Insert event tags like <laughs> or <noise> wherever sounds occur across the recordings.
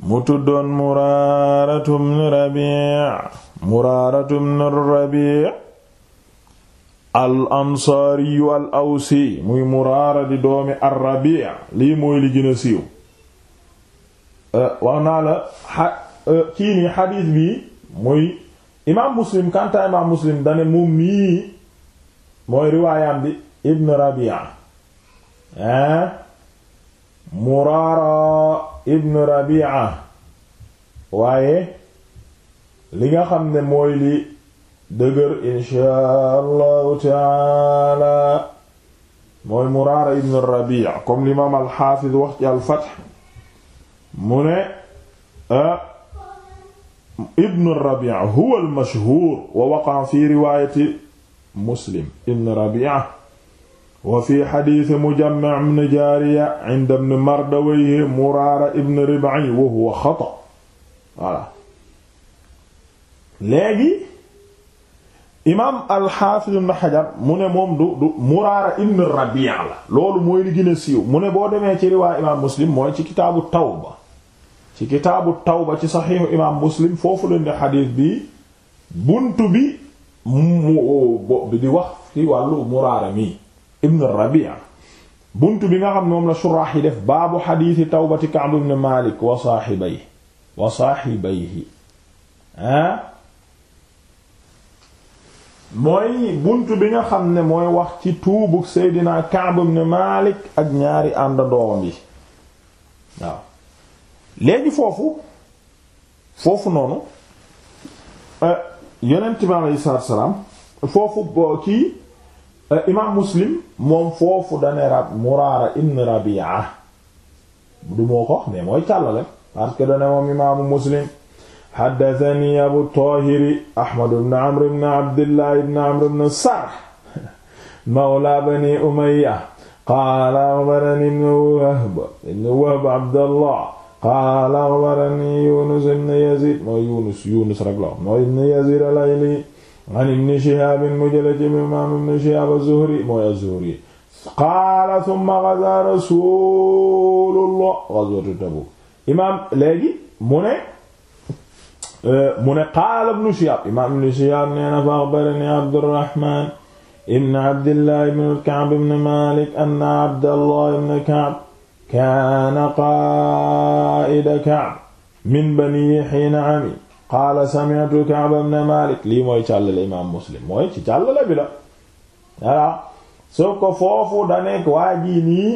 mu tuddoon muraaratu bnu rabii muraaratu bnu al awsi muy muraara di doomi ar rabii lii mooy li gën a siiw eh, wax naa la eh, kii nii bi muy imaam muslim kantaa imaam muslim dane mu mii mooy riwaayam bi ibnu rabii hein eh? muraara ibn rabi'a waaye li nga xam ne mooy li dëgër inshaa allahu taala mooy muraara ibn rabi'a comme limaam alxaafiz wax ci alfath mu ne ibn rabi'a huwa almashhuur wa waqa fi riwaayati muslim ibn rabi'a wa fi xadiisi Mujammi' ibn Jaariya inda ibn Mardawayhi Muraara ibn Rib'i wa huwa xata voilà imaam al-Haafiz ibn mu ne moom du Muraara ibn Rabi' la loolu mooy li gën siiw mu ne boo demee ci riwaa imaam Muslim mooy ci kitaabu tawba ci kitaabu tawba ci saxiixu imaam Muslim foofu leen di xadiis bi buntu bi di wax ci wàllu Muraara mi bunt bi nga xam ne moom la suraax yi def baabu xadiisi tawbati Ka'b ibn Malik wa saaxibayhi wa saaxibayhi ah mooy bunt bi nga xam ne mooy wax ci tuubug Seydina Ka'b ibn Malik ak ñaari àndandoowam yi léegi foofu foofu noonu eh, yonent bi alayhi salaatu wa salaam foofu kii Euh, imaam muslim moom foofu dane rab muraara ibn rabia du moo ko wax mais mooy càllale parce que dane moom imaamu muslim xaddatani abu tahiri ahmadu bn amr bn abdillah bn amr bn sarh <laughs> mawla bani umayya qaala axbarani ibn wahb ibn wahb abdallah qaala axbarani yunus ibn yazid mooy yunus yunus rek la mooy ibn yazid alayli an ibn Shihab mu jële ci imaam ibn Shihab az-Zuhri mooy az-Zuhri qaala thumma ghazaa Rasuulullah ghazwatu Tabuk imaam léegi mu ne mu ne qaala ibn Shihab imaam ibn Shihab nee na fa akhbarani Abdurrahman ibn Abdillah ibn Ka'b ibn Malik anna Abdallah ibn Ka'b kaana qaa'ida Ka'b min bani hiina 'ami qaala sami'tu Ka'b ibn Malik lii mooy càllale imaam Muslim mooy ci càllale bi la voilà soo ko foofu da nekk waa jii nii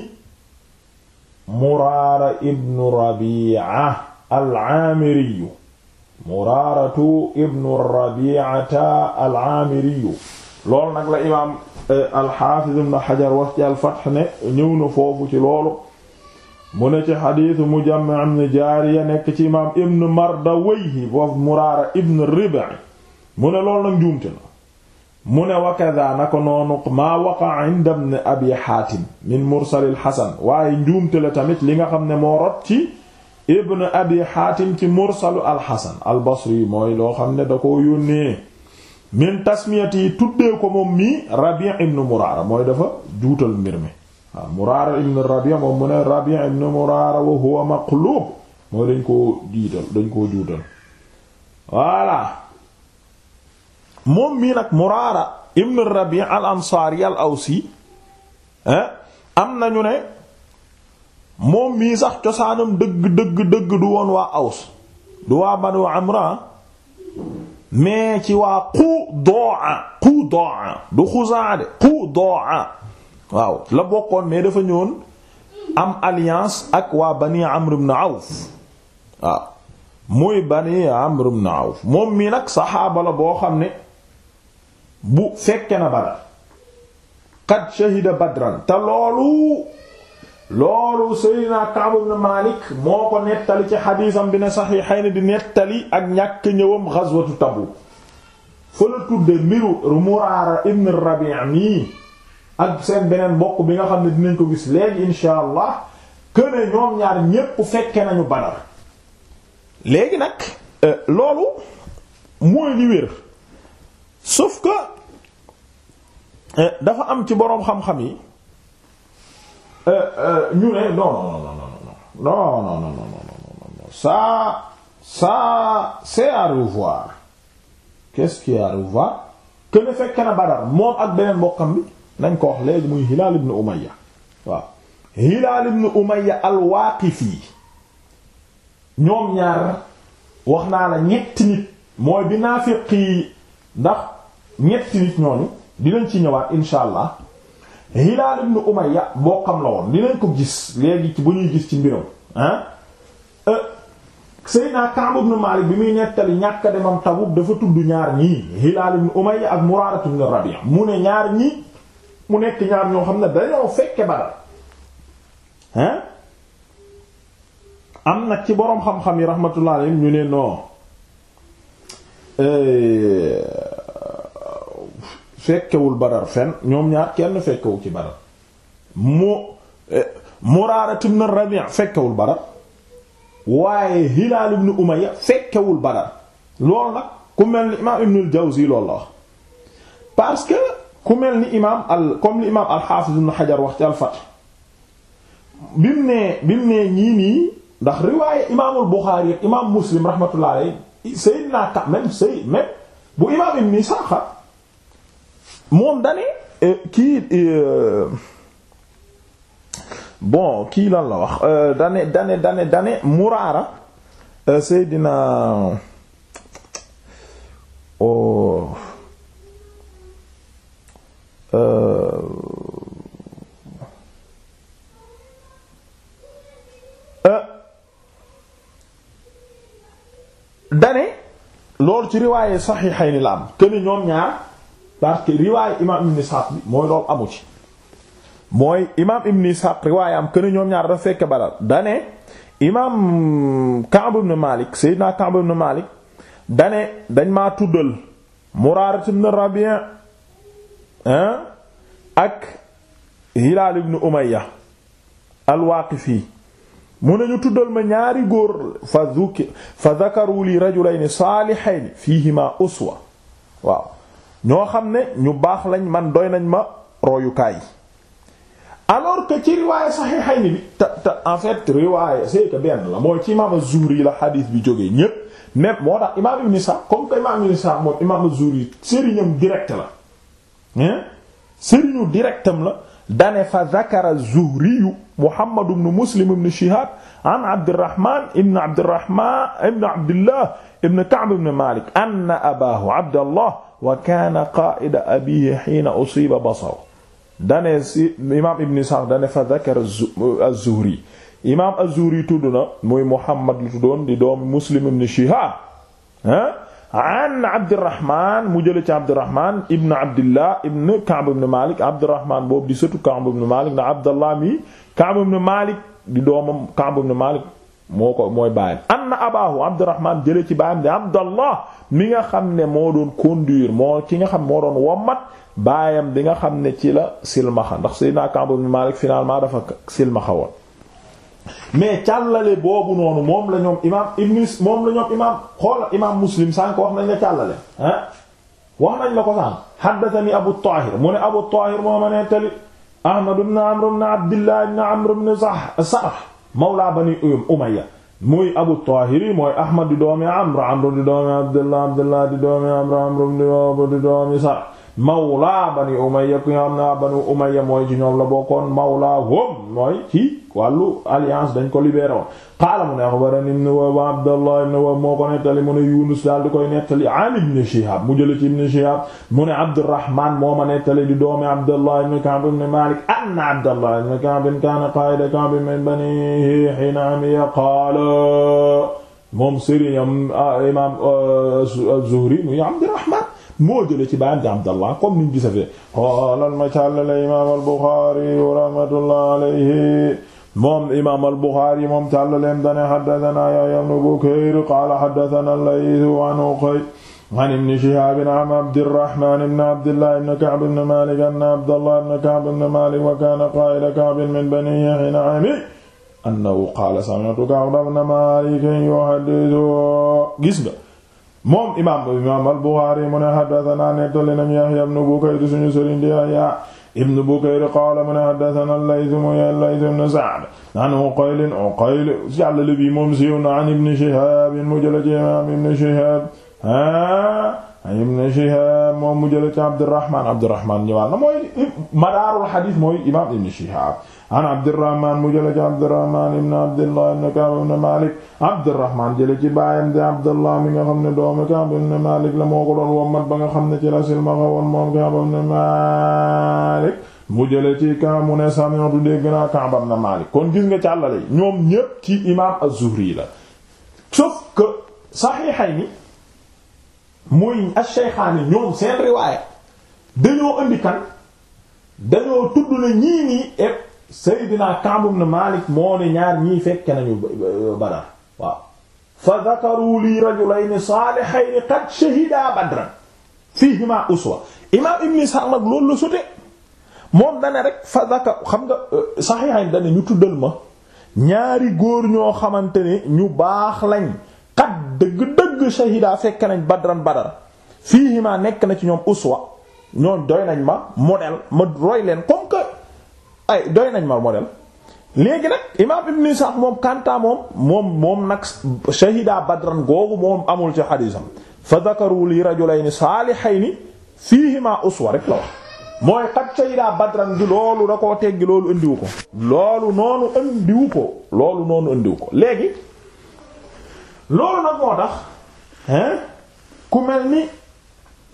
Muraara ibnu Rabi'a al-Aamiriyu Muraaratu ibnu Rabi'ata al-Aamiriyu loolu nag la imaam eh, al-Haafiz ibn Hajar wax ci al-Fath ne ñëw na foofu ci loolu mu ne ci xadiisu Mujammi' ibn Jaariya nekk ci imaam ibn Mardawayhi boofu Muraara ibn Rib'i mu ne loolu nag njuumte la mu ne wa kadhaa na ko noonu maa waqa'a 'inda ibn Abi Haatim min mursal hasan waaye njuumte la tamit li nga xam ne moo rot ci ibn Abi Haatim ci mursalu al-Hasan al-Basri mooy loo xam ne da koo yónnee min tasmiyati tuddee ko moom mii Rabi' ibn Muraara mooy dafa juutal mbir mi waaw Muraara ibn Rabi' moom mu ne Rabi' ibn Muraara wa huwa maqlub moo dañ koo dañ koo juutal voilà moom mii nag am nañu ne moom mii sax cosaanam dëgg dëgg dëgg du woon waa Aws du waa Banu Amra mais ci waa Qudaa Qudaa du Xuzaa de Qudaa waaw la bokkoon mais dafa ñëwoon am alliance ak waa bani Amr ibn Awf waaw muy bani Amr ibn Awf moom mii nag saxaaba la boo xam ne bu fekke na Badar qad shahida Badran te loolu loolu Seydina Ka'b ibn Malik moo ko nettali ci xadiisam bi ne Saxiixayni di nettali ak ñàkk ñëwam gazwatu Tabuk fa la tudde mbiru Muraara ibn Rabi' mi ak seen beneen mbokk bi nga xam ne dinañ ko gis léegi insha allah këne ñoom ñaar ñépp fekke nañu Badar léegi nag loolu mooy li wér sauf que dafa am ci boroom xam-xam yi ñu ne non non non non non non non ça ça c'est à revoir qu'est-ce qui est à revoir que ne fekke na Badar moom ak beneen mbokkam bi nañ ko wax léegi muy Hilaal ibn Umayya waaw Hilaal ibn Umayya al ñoom ñaar wax naa la ñetti nit mooy bi naa yi ndax ñetti nit ñooñu dinañ ci ñëwaat insha allah Hilaal ibn Umayya boo xam la woon dinañ ko gis léegi bu ñuy gis ci mbiram ah Seydina Ka'b ibn bi muy nettali ñàkk demam Tabuk dafa tudd ñaar ñii Hilaal ibn ak Muraara ibn mu ne ñaar ñi mu nekk ñaar ñoo xam ne dañoo fekke Badar hein am nag ci boroom xam-xam yi rahmatullah alayhim ñu ne noo eh, fekkewul Badar fenn ñoom ñaar kenn fekkewu ci Badar mu eh, Muraara ibn Rabi' fekkewul Badar waaye Hilaal ibn Umayya fekkewul Badar loolu nag ku mel ni imaam Ibnul Jawzi loolu la parce que ku mel ni imaam al comme li imaam al-Hafiz ibn Hajar wax ci al-Fath bi mu nee bi mu nee ndax riwaaye imaamul Bukhari ak imaam Muslim rahmatullah Seydina Ka même Seyd même bu imaam Ibn Ishaq moom dane eh, kii eh, bon lan la wax eh, dane dane dane Muraara Seydina oh. Euh, euh, dane loolu ci riwaaye saxiixayni la am këni ñoom ñaar parce que riwaaye imaam ibn Isaaq bi mooy loolu amu ci mooy imaam ibn Isaaq riwaaye am këni ñoom ñaar dafa fekk badal dane imaam Ka'b ibn Malik Seydina Ka'b ibn Malik dane dañ maa tuddal Muraara ibn Rabi' ak Hilaal ibnu Umayya al-Waaqifi mu ne ñu tuddal ma ñaari góor fa zukki fa zakaru li rajulayni saalihayni fiihimaa uswa waaw ñoo xam ne ñu baax lañ man doy nañ ma royukaay alors que ci riwaaye sahihayni bi te te en fait riwaaye c'est que benn la mooy ci imaam az-Zuhri la xadiis bi jógee ñépp même moo tax imaam Ibn Sa'd comme que imaam Ibn Sa'd moom imaam az-Zuhri sëriñam direct la sëriñu directam la dane fa zakara zuhriyu muhammad ibn muslim ibn shihab an abdirahman ibn abdirahman ibn abdillah ibn ka'b ibn malik anna abahu abdallah wa kana qa'ida abihi hina usiba basaru dane si imam ibn isxaaq dane fa zakara az-zuhri imam az-zuhri tudd na muy muhammad lu tuddoon di doomi muslim ibn shihab ah an Abdurrahman mu jële ci Abdurrahman ibn Abdillah ibn Ka'b ibn Malik Abdurrahman boobu di sëtu Ka'b ibn Malik na Abdallah mi di doomam Ka'b ibn Malik moo ko mooy bàyyam anna abahu Abdurrahman jële ci bàyyam nga xam ne moo doon conduire moo ki nga xam moo doon wommat bàyyam di nga xam ne ci la silmaxa ndax Seydina Ka'b ibn Malik finalement dafa silmaxa woon mais càllale boobu noonu moom la ñoom imaam ibn moom la ñoom imaam xoola imaam muslim sànq wax nañ la càllale ah wax nañ la ko sànq haddathani abu tahir mu ne abu tahir moo ma nettali ahmad ibn amr ibn abdillah ibn amr ibn sarh mawla bani umayya muy abu tahir yi mooy ahmad di doomi amr amr di doomi abdillah abdillah di doomi amr amr di doomi sarh mawla bani umayya ku nga xam ne banu umayya mooy ci ñoom la bokkoon mawla hum mooy ci wàllu alliance dañ ko libéré woon qaala mu ne axbarani ibn Wahb Abdallah ibn Wahb moo ko nettali mu ne Yunus daal di koy nettali an ibn Shihab mu jële ci ibn Shihab mu ne Abdurrahman moo ma nettali di doomi Abdallah ibn Ka'b ibn Malik anna Abdallah ibn Ka'b kaana qaa'ida Ka'b min banihi hiina amiya qaala moom sëriñam ah, imam ah, Az-Zuhri muy Abdurrahman moo jële ci baayam di Abdallah comme niñ gisa fee xoolal ma càllale imaam al-Bukhari rahmatullah alayhi moom imaam al-Bukhari moom càllaleem dane haddathana Yahya ibn Bukayr qaala haddathana al-Layth an Uqayl an ibn Shihab an Abdirrahman ibn Abdillah ibn Ka'b ibn Malik anna Abdallah ibn Ka'b ibn Malik wa kana qaa'ila Ka'b min Bani Hinaami annahu qaala sami'tu Ka'b ibn Malik yuhaddithu gis nga moom imaam imaam al-Buxaari mu ne haddasanaa nettali nañu Yahya ibn Bukayr suñu sëriñ di Yahya ibn Bukayr qaala mu ne haddasanaa al-Layth mu al-Layth ibn Sa'd an Uqayl Uqayl jàllale bi moom siiw na an Ibn Shihaab mu jële ci imaam Ibn Shihaab ah ibn Shihab moom mu jële ci Abdurrahman Abdurrahman ñëwaat na mooy madaarul xadiis mooy imaam ibn Shihab an Abdurrahman mu jële ci Abdurrahman ibn Abdullah ibn Ka'b ibn Malik Abdurrahman jële ci mi nga xam ne doomu Ka'b ibn Malik la moo ko ba nga xam ne ci la silmaxa woon moom Ka'b ibn Malik mu jële ci Ka'b mu ne sami'tu dégg naa Ka'b ibn Malik kon gis nga càllale ñoom ñépp ci imaam az-Zuhri la sauf que saxiixayni mooy ash-Shaykhaani ñoom seen riwaaya dañoo indi kan dañoo tudd na ñii nii et Seydina Ka'b ibn moo ne ñaar ñii fekke nañu Badar waaw fa dhakaru li rajulayni saalihayn qad shahida badran fiihima uswa imaam Ibn Sa'd loolu la sotee moom dana rek fa dhakar xam nga euh, saxiixayn dana ñu tuddal ma ñaari góor ñoo xamante ni ñu baax lañ qad dëgg dëgg qad shahida fekk nañ badran fii fiihima nekk na ci ñoom uswa ñoom doy nañ ma modèle ma roy leen comme que ay doy nañ ma modèle léegi nag imaam ibn Isaaq moom Kanta moom moom nag shahida badran googu moom amul ci xadiisam fa dakaru li rajulayni saalihayni fiihima uswa rek la wax mooy qad shahida badran gi loolu da koo teggi loolu indiwu ko loolu noonu indiwu ko loolu noonu indiwu ko léegi loolu nag moo tax hein ku mel ni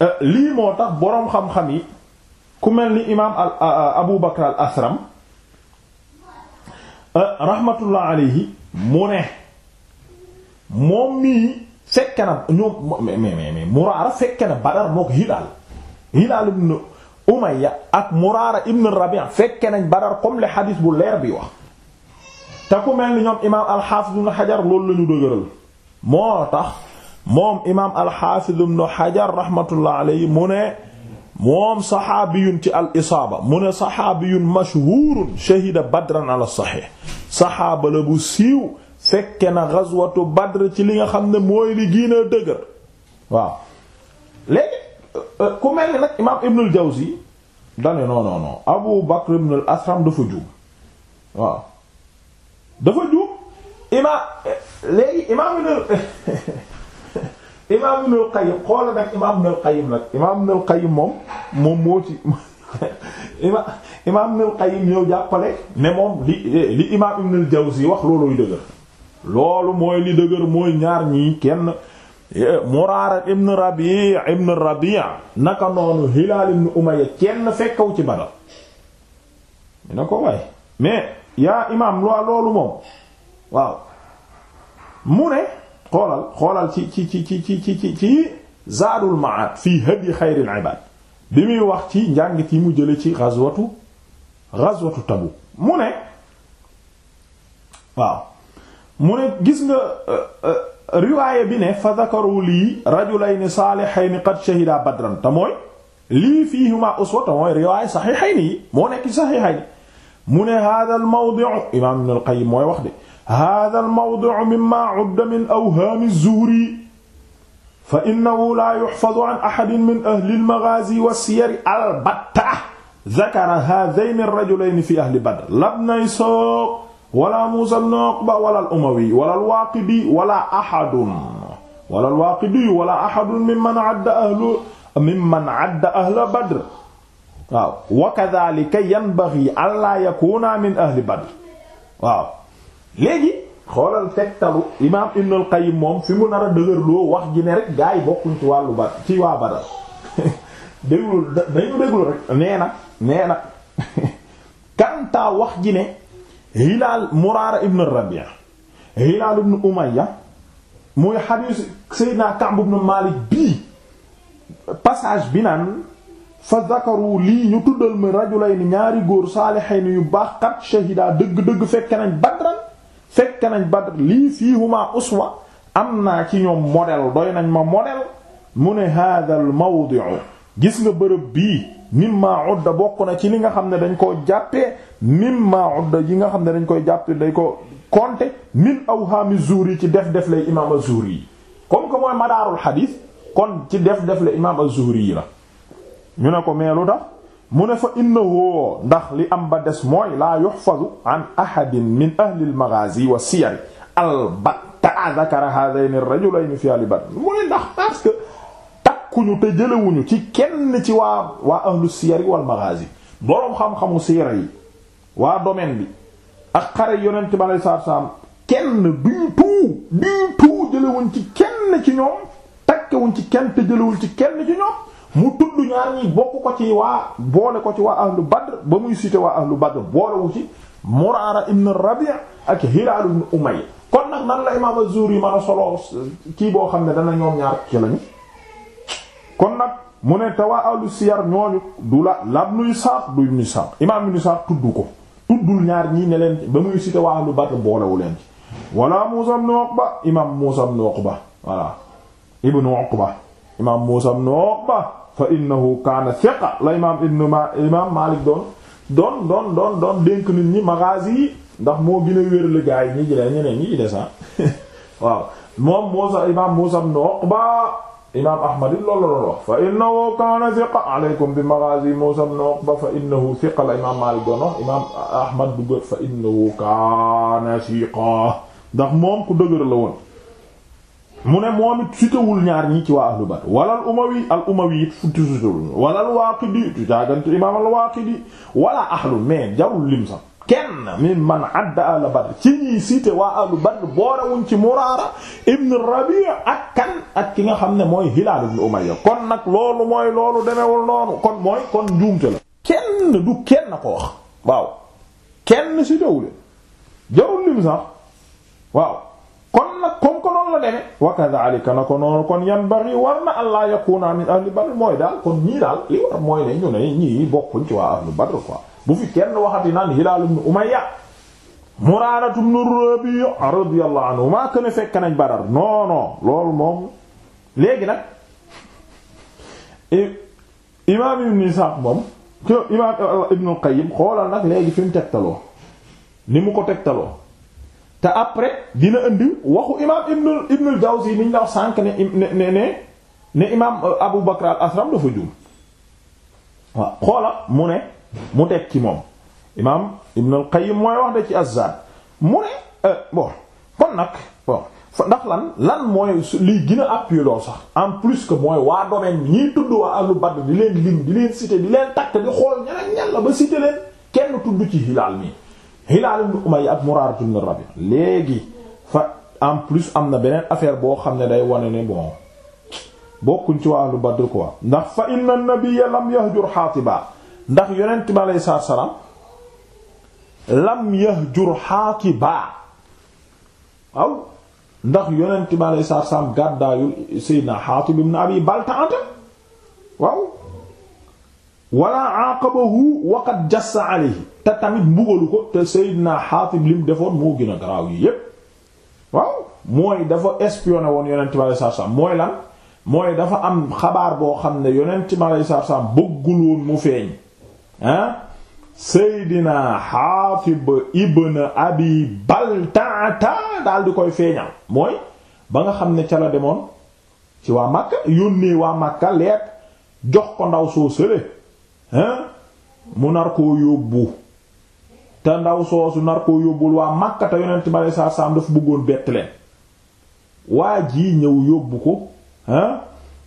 euh, lii moo tax boroom xam-xam yi ku mel ni imaam al Abu Bakr al Asram euh, rahmatullah alayhi mu ne moom mii fekke na Muraara fekke na Badar mook Hilaal Hilaal ibn Umayya ak Muraara ibn Rabi' fekke nañ Badar comme le xadiis bu leer bi wax te ku mel ni ñoom imaam al Haafiz ibn Hajar loolu la ñu moo tax moom imaam alxaafiz ibnu Hajar rahmatullah mu ne moom saxaabiyun ci al mu ne saxaabiyun mashhuurun shahida badran ala saxiix saxaaba la bu siiw fekke na gazwatu badr ci li nga xam ne mooy li gën dëgër waaw léegi euh, euh, ku mel ni nag imaam ibnul jawzi dane non abu bakr ibnul asram dafa juum waaw dafa juum imaam euh, léegi imaam ibnul <laughs> imaam Ibnul Qayyim xoola nag imaam Ibnul Qayyim nag imaam Ibnul Qayyim moom moom moo ci <laughs> ima imaam Ibnul jàppale ne moom li li imaam Ibnul Jawzi wax looluy dëgër loolu mooy li dëgër mooy ñaar ñii kenn Muraara ibn Rabi' ibn Rabi' naka noonu Hilaal ibn Umayya kenn fekkaw ci Badar na ko waay mais yaa imaam loolu moom waaw mu ne xoolal xoolal ci ci ci ci ci ci ci zaadul maad fii hadi xayril ibaad wax ci njàngit yi mu jële ci ghazwatu ghazwatu Tabuk ne mu ne gis nga euh, euh, riwaaye bi ne fa dakaru lii rajulayni saalihayni qad shahida badran te mooy lii fiihima uswata mooy riwaaye saxiixayni yi moo nekk saxiixayni mu ne haadal mawdi'u imaam Ibnul Qayyim mooy wax de hada almawdiu mimma udda min awhaami zuhri fa innahu la yuhfadu an ahadin min ahli almaghazi wassiyari albatta zakara haadayni rajulayni fi ahli badr labnay soq wala muusa ibn uqba wala al-umawi wala al-waaqidi wala ahadun wala al-waaqidi wala ahadun mimman adda ahlu mimman adda ahla badr waaw wa kadhalika yanbaghi an la yakuna min ahli badr waaw léegi xoolal tegtalu imaam Ibn al moom fi mu nar a loo wax ji ne rek gaa yi bokkuñ ci wàllu ba ci waa Badar <laughs> déglu dañu déglu rek nee na nee na <laughs> kantaa wax ji ne Hilaal Muraara ibn Rabi'a Hilaal ibn Umayya muy hadiis Seydina Ka'b ibn Maalik bi passage bi naan fa zakaru lii ñu tuddal ma rajulayni ñaari góor saalihayn yu baax qad shahida dëgg-dëgg fekk nañ Badran fekk nañ Badr lii fiihuma uswa am naa ci ñoom modèle doy nañ ma modèle mu ne hadha al mawdi'u gis nga bërëb bii mimma udda bokk na ci li nga xam ne dañ koo jàppee mimma udda yi nga xam ne dañ koy jàppee dañ ko compter min awhaami Zuhri ci def def lay imaam az-Zuhri yi comme que mooy madaarul xadiis kon ci def def la imaam az-Zuhri yi la ñu ne ko meelu tax mu ne fa innahu ndax li am ba des mooy laa yuhfazu an ahadin min ahli al-maghazi wa siyar albatta zakara hadayn ar-rajulayni fi ali badr mu ne ndax parce que takkuñu te jëlewuñu ci kenn ci waa waa ahlu siyar wal maghazi boroom xam-xamu siira yi waa domaine bi ak xare yonent bi alei satu salaam kenn du tout du tout jëlewuñ ci kenn ci ñoom takkewuñ ci kenn te jëlewul ci kenn ci ñoom mu tudd ñaar ñi bokk ko ci waa boole ko ci waa ahlu badr ba muy cité waa ahlu badr boolewu ci muraara ibn rabi' ak hilaal ibn umayya kon nag nan la imaam az-zuhri mën solo kii boo xam ne dana ñoom ñaar ci lañu kon nag mu ne te waa ahlu siyar ñooñu du la labnu isaaq du ibn isaaq imaam ibn isaaq tudd ko tuddul ñaar ñii ne leen ba muy cité waa ahlu badr boolewu leen ci wala muusa ibn uqba imaam muusa ba uqba wala ibn uqba imaam muusa ibn uqba fa innahu kaana thiqa la imaam ibn ma imaam Maalik doon doon doon doon doon dénk nit ñi maghazi yi ndax moo gën a wérle gaa yi ñi jëlee ñeneen ñi des <laughs> ah waaw moom Muusa imaam Muusa ibn Uqba imaam Ahmad loolu la wax fa innahu kaana thiqa alaykum bi maghazi Muusa ibn Uqba fa innahu thiqa la imaam Maalik doon wax imaam Ahmad dugg fa innahu kaana thiqa ndax moom ku dëgër la woon. mu ne moom it sutewul ñaar ñi ci waa ahlu badr wala al umawi al umawi it futti sutewul wala al waaqidi tu jaagantu imaam al waaqidi wala ahlu mais jarul lim kenn min man adda ahlu badr ci ñii cité waa ahlu badr boorewuñ ci muraara ibn rabi' ak kan ak ki nga xam ne mooy hilaal ibn umayya kon nag loolu mooy loolu demewul noonu kon mooy kon njuumte la kenn du kenn ko wax waaw kenn sutewul jarul lim waaw kon nag comme ko la demee wa kadhalika kon yan bari war na allah yakuna min ahli badr mooy daal kon ñii daal li war mooy ne ñu ne ñii bokkuñ ci waa ahli badr quoi bu fi kenn waxati naan Hilaal ibn Umayya Muraaratu ibn Rabi' radiyallahu maa kën a fekk nañ Badar non loolu moom léegi nag imaam ibn Isaaq moom imaam ibn Qayyim xoolal nag léegi fi mu tegtaloo ni mu ko tegtaloo te après dina indi waxu imaam ibnu ibnul Jawzi niñ ñu la wax sànk ne ne ne ne imaam euh, Abu Bakr al-Asram dafa juum waaw xoola mu ne mu teg ci moom imaam ibnul Qayyim mooy wax de ci Azzaad mu ne euh, bon kon nag bon ndax lan lan mooy lii gën a appuyé sax en plus que mooy waa domaine bi ñiy tudd waa ahlu Badr di leen lim di leen cité di leen takk di xool ñeneen ñan la ba cité leen kenn tudd ci Hilaal mi Hilaal ibn Umayya ak Muraara ibn Rabi léegi fa en plus am na beneen affaire boo xam ne day wane ne bon bokkuñ ci wàllu Badr quoi ndax fa inna nabiyya lam yahjur xaatiba ndax yonent bi aleyhi salaatu salaam lam yahjur xaatiba waaw ndax yonent bi aleyhi salaatu salaam gàddaayul Seydina Xaatib ibn Abi Baltaata waaw wala aaqabahu wa qad jassa alayhi te tamit mbugalu ko te Seydina Xaatib lim defoon moo gën a garaaw yi yépp waaw mooy dafa espionné woon yonent bi aleyhi mooy lan mooy dafa am xabaar boo xam ne yonent bi aleyhi salaatu mu feeñ ah Seydina Xaatib ibn Abi Baltaata daal di koy feeñal mooy ba nga xam ne ca la demoon ci waa Makka yónnee waa Makka leet jox ko ndaw soo sële ah mu nar koo yóbbu te ndaw soosu nar koo yóbbul waa Makka te yonent bi aleyhi salaatu salaam dafa bëggoon bett waa jii ñëw yóbbu ko ah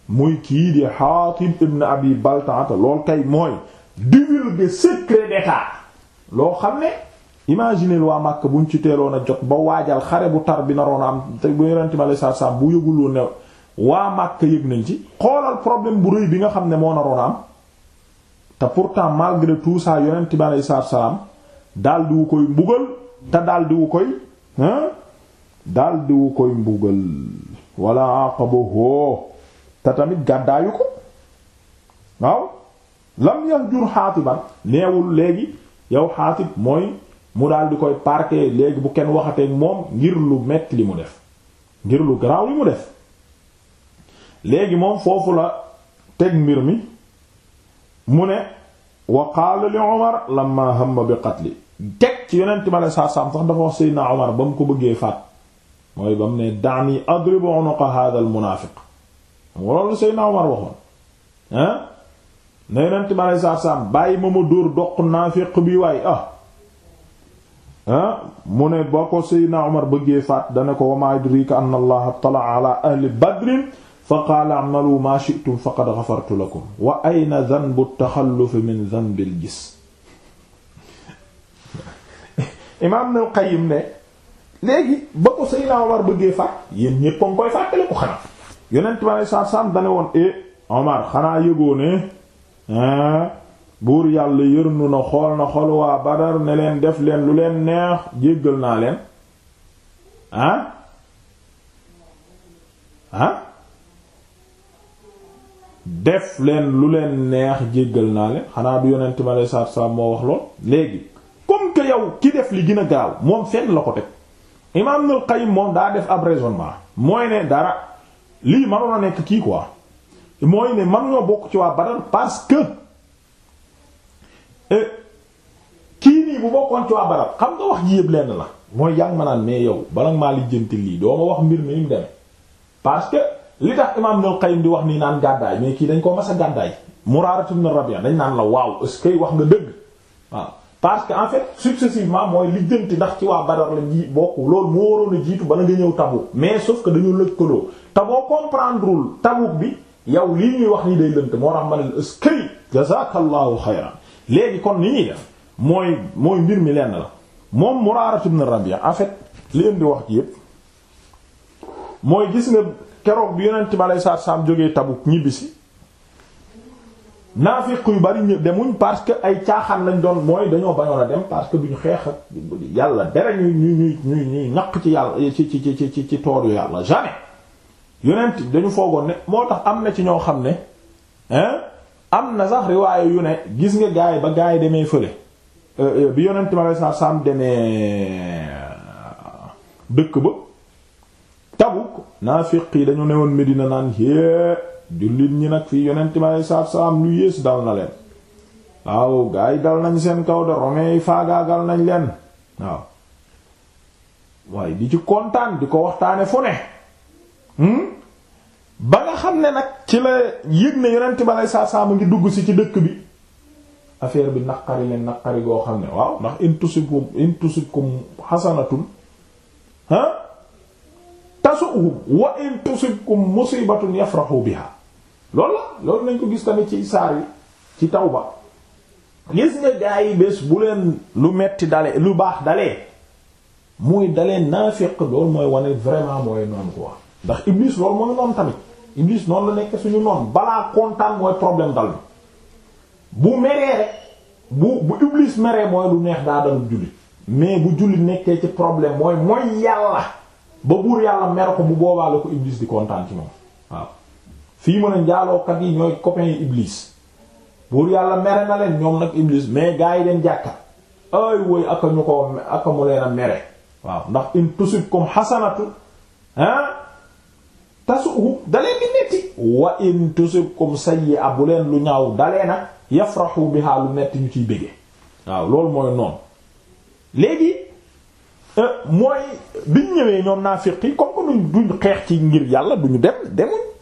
muy kii di Hatib ibn Abi Baltaa lool kay mooy divulguer secret d'état loo xam ne imaginer waa Makka buñ ci teeloon a jot ba waajal xare bu tar bi naroon a am te bu yonent bi aleyhi bu yëguloo ne waa Makka yëg nañ ci xoolal problème bu réy bi nga xam ne moo naroon a am te pourtant malgré tout ça yonent bi salaam daal di wu koy mbugal te daal di wu koy hein daal di wu koy te tamit gàddaayu ko waaw lam yahjur xaatiban neewul léegi yow xaatib mooy mu daal di koy parquer léegi bu kenn waxateeg moom ngir lu metti li mu def ngir lu garaaw li mu def léegi moom foofu la teg mbir mi mu ne wa qaala li Umar hamma bi qatli teg ci yonent ma la saa saam sax dafa wax Seydina Omar ba mu ko bëggee faat mooy ba mu ne da'ni adribu unuqa hadha al munaafiq loolu Seydina Omar waxoon ah ne yonent ma la saa saam bàyyi ma ma dóor doq naafiq bi waay ah ah mu ne boo ko Seydina Omar bëggee faat dana ko wa ma adrika anna allaha tala'a ala ahli badrin fa qaala amalu ma shi'tum faqad ghafartu lakum wa ayna dhanbu at-takhalluf min dhanbi al-jism imaam Ibnul Qayyim ne léegi ba ko Seydina Omar bëggee faat yéen ñépp a ngi koy fàttali ko xanaa yonent bi eh, ne buur yàlla yërnu na xool na def leen lu leen neex jéggal naa leen ah def leen lu leen neex jéggal naa leen xanaa du moo wax lool léegi yow ki def li a gaaw moom fenn la ko teg imaam moom daa def ab mooy ne lii mënoon nekk kii quoi mooy ne mënuñoo bokk ci waa Badar parce euh, kii nii bu bokkoon ci waa Badar xam nga wax ji yëpp lenn la mooy yaa ngi ma naan mais yow bala maa lijjanti lii doo ma wax mbir mi ni mu demee parce que li tax imaam Ibnul Qayyim di wax nii naan gàddaay mais kii dañ koo mas a gàddaay Muraaratu ibn Rabi'a dañ naan la waaw est wax nga dëgg waaw. parce que en fait successivement mooy lijjanti ndax ci waa Badar la ji bokk loolu moo waroon a jiitu bala nga ñëw Tabuk mais sauf que dañu lëkkaloo te boo comprendrewul Tabuk bi yow lii ñuy wax ni day lënt moo tax ma ne eskay jazakallahu xayran léegi kon ni ñuy def mooy mooy mbir mi lenn la moom Murara ibn Rabi'a en li leen di wax ci yépp mooy gis nga keroog bi yonent bi alayhi salaam jógee Tabuk ñibbisi naafiq yu bari ñu demuñ parce que ay caaxaan lañ doon mooy dañoo bañoon dem parce que bu ñu xeex yàlla dara ñuy ñuy ñuy ñuy ci yàlla ci ci ci ci ci toor yu yàlla jamais yonent dañu foogoon ne moo tax am na ci ñoo xam ne hein am na sax riwaaye yu ne gis nga gaay ba gaay demee fële euh, euh, bi yonent ma lay sa sam demee dëkk ba Tabuk naafiq yi dañu newoon Medina naan yée jullit ñi nag fii yonent mi alei salaatu salaam lu yées dal na leen waaw gaa yi dal nañ seen kaw de romain yi faagaagal nañ leen waaw waaye di ci kontaan di ko waxtaane fu ne hmm? ba nga xam ne nag ci la yëg ne yonent mi alei salaatu salaam ngi dugg si ci dëkk bi affaire bi naqari leen naqari goo xam ne waaw ndax intusibkum intusibkum hasanatun ha tasuhum wa in tusibkum musibatun yafrahu biha loolu la loolu nañ ko gis tamit ci saar yi ci tawba gis nga gaa yi bés bu leen lu metti dale lu baax dalee muy dalee naafiq loolu mooy wane vraiment mooy noonu quoi ndax iblis loolu mooy noonu tamit iblis noonu la nekk suñu noonu balaa kontaan mooy problème dal bi bu meree rek bu iblis meree mooy lu neex daa dal jullit mais bu jullit nekkee ci problème mooy mooy yàlla ba buur yàlla mer ko bu boobaa la ko iblis di kontaan ci moom waaw fii mu ne njaalookat yi ñooy copain yi iblis buur yàlla mere na leen ñoom nag iblis mais gaa yi dem jàkka ay woy aka ñu ko aka mu leen a mere waaw ndax in tusibkum hasanatu ah tasuhu daleen di netti wa in tusibkum sayyi'a bu leen lu ñaaw dalee nag yafrahu biha lu netti ñu ciy bëgge waaw loolu mooy noonu léegi euh, mooy biñ ñëwee ñoom naa fiqi comme que duñ xeex ci ngir yàlla duñu dem demuñ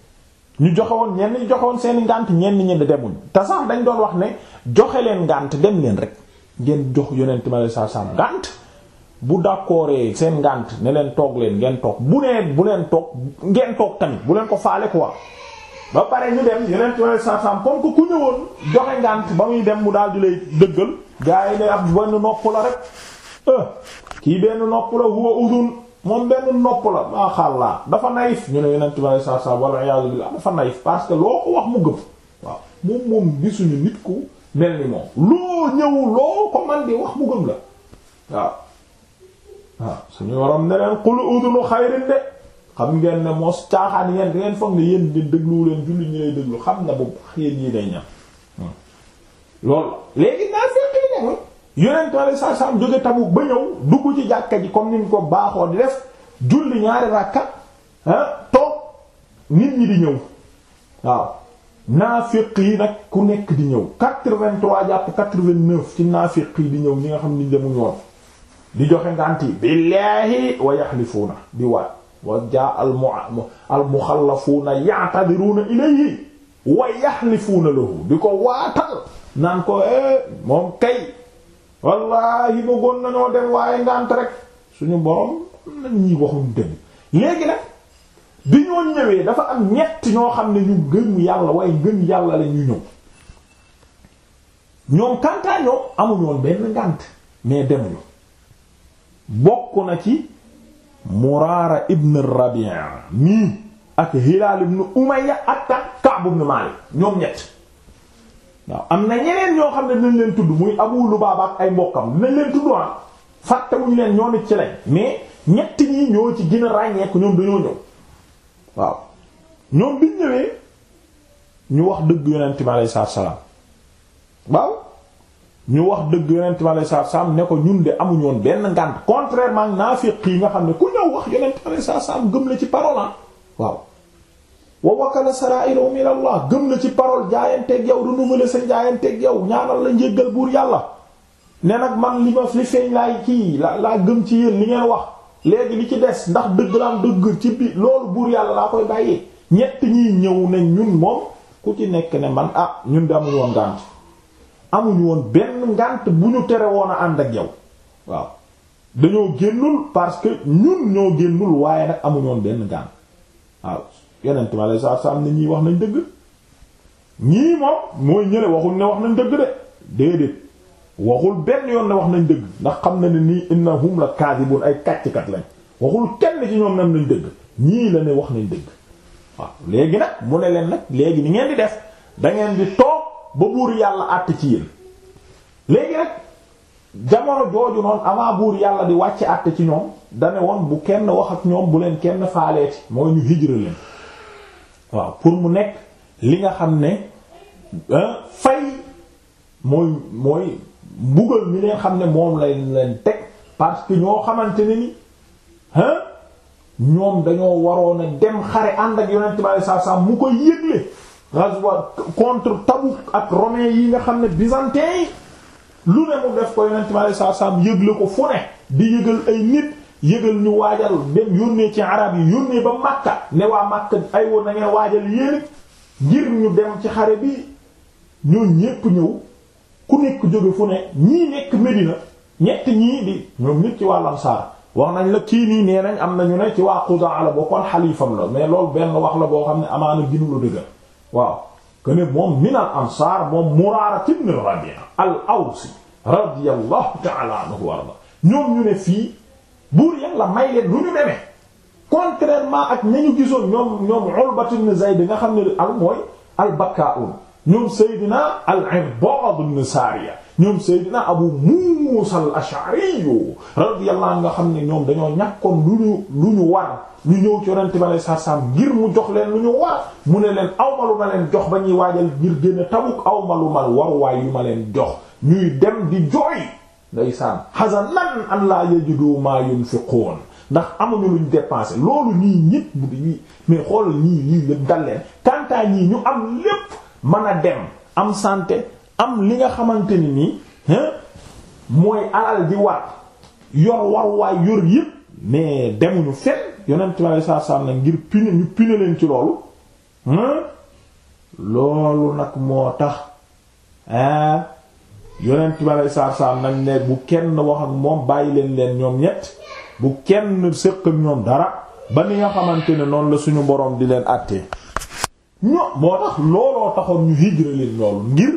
ñu joxe woon ñenn ñu joxe woon seeni ngànt ñenn ñi demuñ te sax dañ doon wax ne joxe leen ngant dem leen rek ngeen jox yonent ma saa saa ngànt bu d'accordee seen ngànt ne leen toog leen ngeen toog bu nee bu leen toog ngeen toog tamit bu leen ko faale ko quoi ba pare ñu dem yonent ma saa saa comme que ku ñëwoon joxe ngànt ba muy dem mu daal di lay dëggal. gaa yi ne ab benn nopp la rek ah kii benn nopp la huwa udun moom benn nopp la maaxàllaa dafa naïf ñu ne yonent bi alei satu salaam wala iyaazu billah dafa naïf parce que loo ko wax mu gëm waaw moom moom gisuñu nit ku mel ni moom loo ñëw loo ko man di wax mu gëm la waaw waaw suñu waroon ne leen qul udunu xayrin de xam ngeen ne moos caaxaan yeen di ngeen foog ne yéen di dégluwu leen julli ñu lay déglu xam na bu hmm. yéen yi ñam loolu léegi naa fekk ne yonent alayhi salaam jóge Tabuk ba ñëw dugg ci jàkka ji comme niñ ko baaxoo di def julli ñaari ràkka ah toog nit ñi di ñëw waaw naafiq yi nag ku nekk di ñëw quatre jàpp quatre-vingt-neuf ci naafiq yi di ñëw ñi nga xam ni demuñu woon di joxe ngànt yi billaahi wa yaxlifuuna di waat wa jaa al mu al muxallafuuna ya'tadiruuna ilayhi wa yaxlifuuna lahu di ko waatal naan ko eh, moom kay wallaahi bëggoon nañoo dem waaye ngànt rek suñu borom nañ ñi waxuñ dëgg léegi nag bi ñoo ñëwee dafa am ñett ñoo xam ne ñu gëm yàlla waaye gëm yàlla la ñu ñëw ñoom kantaa ñoom amuñoon benn ngànt mais demuñu bokk na ci Muraara ibn Rabi'a nii ak Hilaal ibn Umayya ak Ka'b ibn Maalik ñoom ñett waaw am na ñeneen ñoo xam ne dinañ leen tudd muy Abu Lubaaba ak ay mbokkam dinañ leen tudd ah fàttewuñu leen ñoo it ci lañ mais ñett ñi ñoo ci gën a ràññeeku ñoom dañoo ñëw waaw ñoom biñ ñëwee ñu wax dëgg yonent mi alayhi salaam waaw ñu wax dëgg yonent mi alayhi salaam ne ko ñun de amuñu woon benn ngànt contrairement naafiq yi nga xam ne ku ñëw wax yonent mi gëm la ci parole ah. waaw. wa wakala sara'iru min Allah gëm na ci parole jaayanteeg yow renouveler sa jaayanteeg yow ñaanal la njéggal buur yàlla ne nag man li ma li feeñ laay kii laa gëm ci yéen li ngeen wax léegi li ci des ndax dëgg la dëgg ci bi loolu buur yàlla laa koy bàyyee ñett ñiy ñëw ne ñun moom ku ci nekk ne man ah ñun de amuñu woon ngànt amuñu woon benn ngànt bu ñu tere woon a ànd ak yow waaw dañoo génnul parce que ñun ñoo génnul waaye nag amuñu woon benn ngànt yonent ma lay saa saa am na ñii wax nañ dëgg ñii moom mooy ñële waxul ne wax nañ dëgg de déedéet waxul benn yoon ne wax nañ dëgg ndax xam na ne nii innahum la kaadibun ay kàcckat lañ waxul kenn ci ñoom nam nañ dëgg ñii la ne wax nañ dëgg waaw léegi nag mu ne leen nag léegi ni ngeen di def da ngeen di toog ba buur yàlla àtt ci yéen léegi nag jamono jooju noonu avant buur yàlla di wàcc àtt ci ñoom dane woon bu kenn wax ak ñoom bu leen kenn faaleeti mooy ñu hijra leen waaw pour mu nekk li nga xam ne euh, fay mooy mooy mbugal mi leen xam ne moom lay leen teg parce que ñoo xamante ni hein ñoom dañoo waroon a dem xare ànd ak yonent bi sallallahu alayhi wasallam mu koy yëgle ghazwa contre Tabuk ak romain yi nga xam ne byzantin yi lu ne mu def ko yonent bi sallallahu yëgle ko fu ne di yëgal ay nit yëgal ñu waajal dem yónnee ci arab yi yónnee ba Makka ne waa Makka ay woon na ngeen waajal yéen ngir ñu dem ci xare bi ñoom ñépp ñëw ku nekk jóge fu ne ñii nekk Medina ñett ñii di ñoom nit ci wàllam saar wax nañ la kii nii nee nañ am nañu ne ci waa Qudaa la bokkoon xalifam la mais loolu benn wax la boo xam ne amaana ginu la dëggal waaw que ne moom min al ansaar moom Muraara ibn Rabi'a al Awsi radiyallahu ta'ala anhu warda ñoom ñu ne fii buur yàlla may leen lu ñu demee contrairement ak nañu gisoon ñoom ñoom Ulbat ibn nga xam ne al mooy al Bakkaa'un ñoom Seydina al Irbaad ibn Saariya ñoom Seydina Abu Muusa al Ash'ari radiyallahu nga xam ne ñoom dañoo ñàkkoon lu ñu lu ñu war ñu ñëw ci yonent bi alayhi ngir mu jox leen lu ñu war mu ne leen awmalu ma leen jox ba ñuy waajal ngir génn Tabuk awmalu ma waruwaay yu ma leen jox ñuy dem di jooy. ndeysaan hazanan an laa yajidu maa yunfiqun ndax amuñu luñ dépensé loolu ñii ñépp bu ñii mais xool ñii ñii yëpp dal leen kantaa ñu am lépp mën a dem am santé am li nga xamante ni nii mooy alal di war yor war waay yor yëpp mais demuñu fen yonent lay saa saa nag ngir pine ñu pine leen ci loolu loolu nag moo tax yonent bi alay saar saar nag ne bu kenn wax moom bàyyi leen leen ñoom ñett bu kenn séq ñoom dara ba ni nga xamante ne noonu la suñu boroom di leen àttee ño moo tax looloo taxoon ñu hijra leen loolu ngir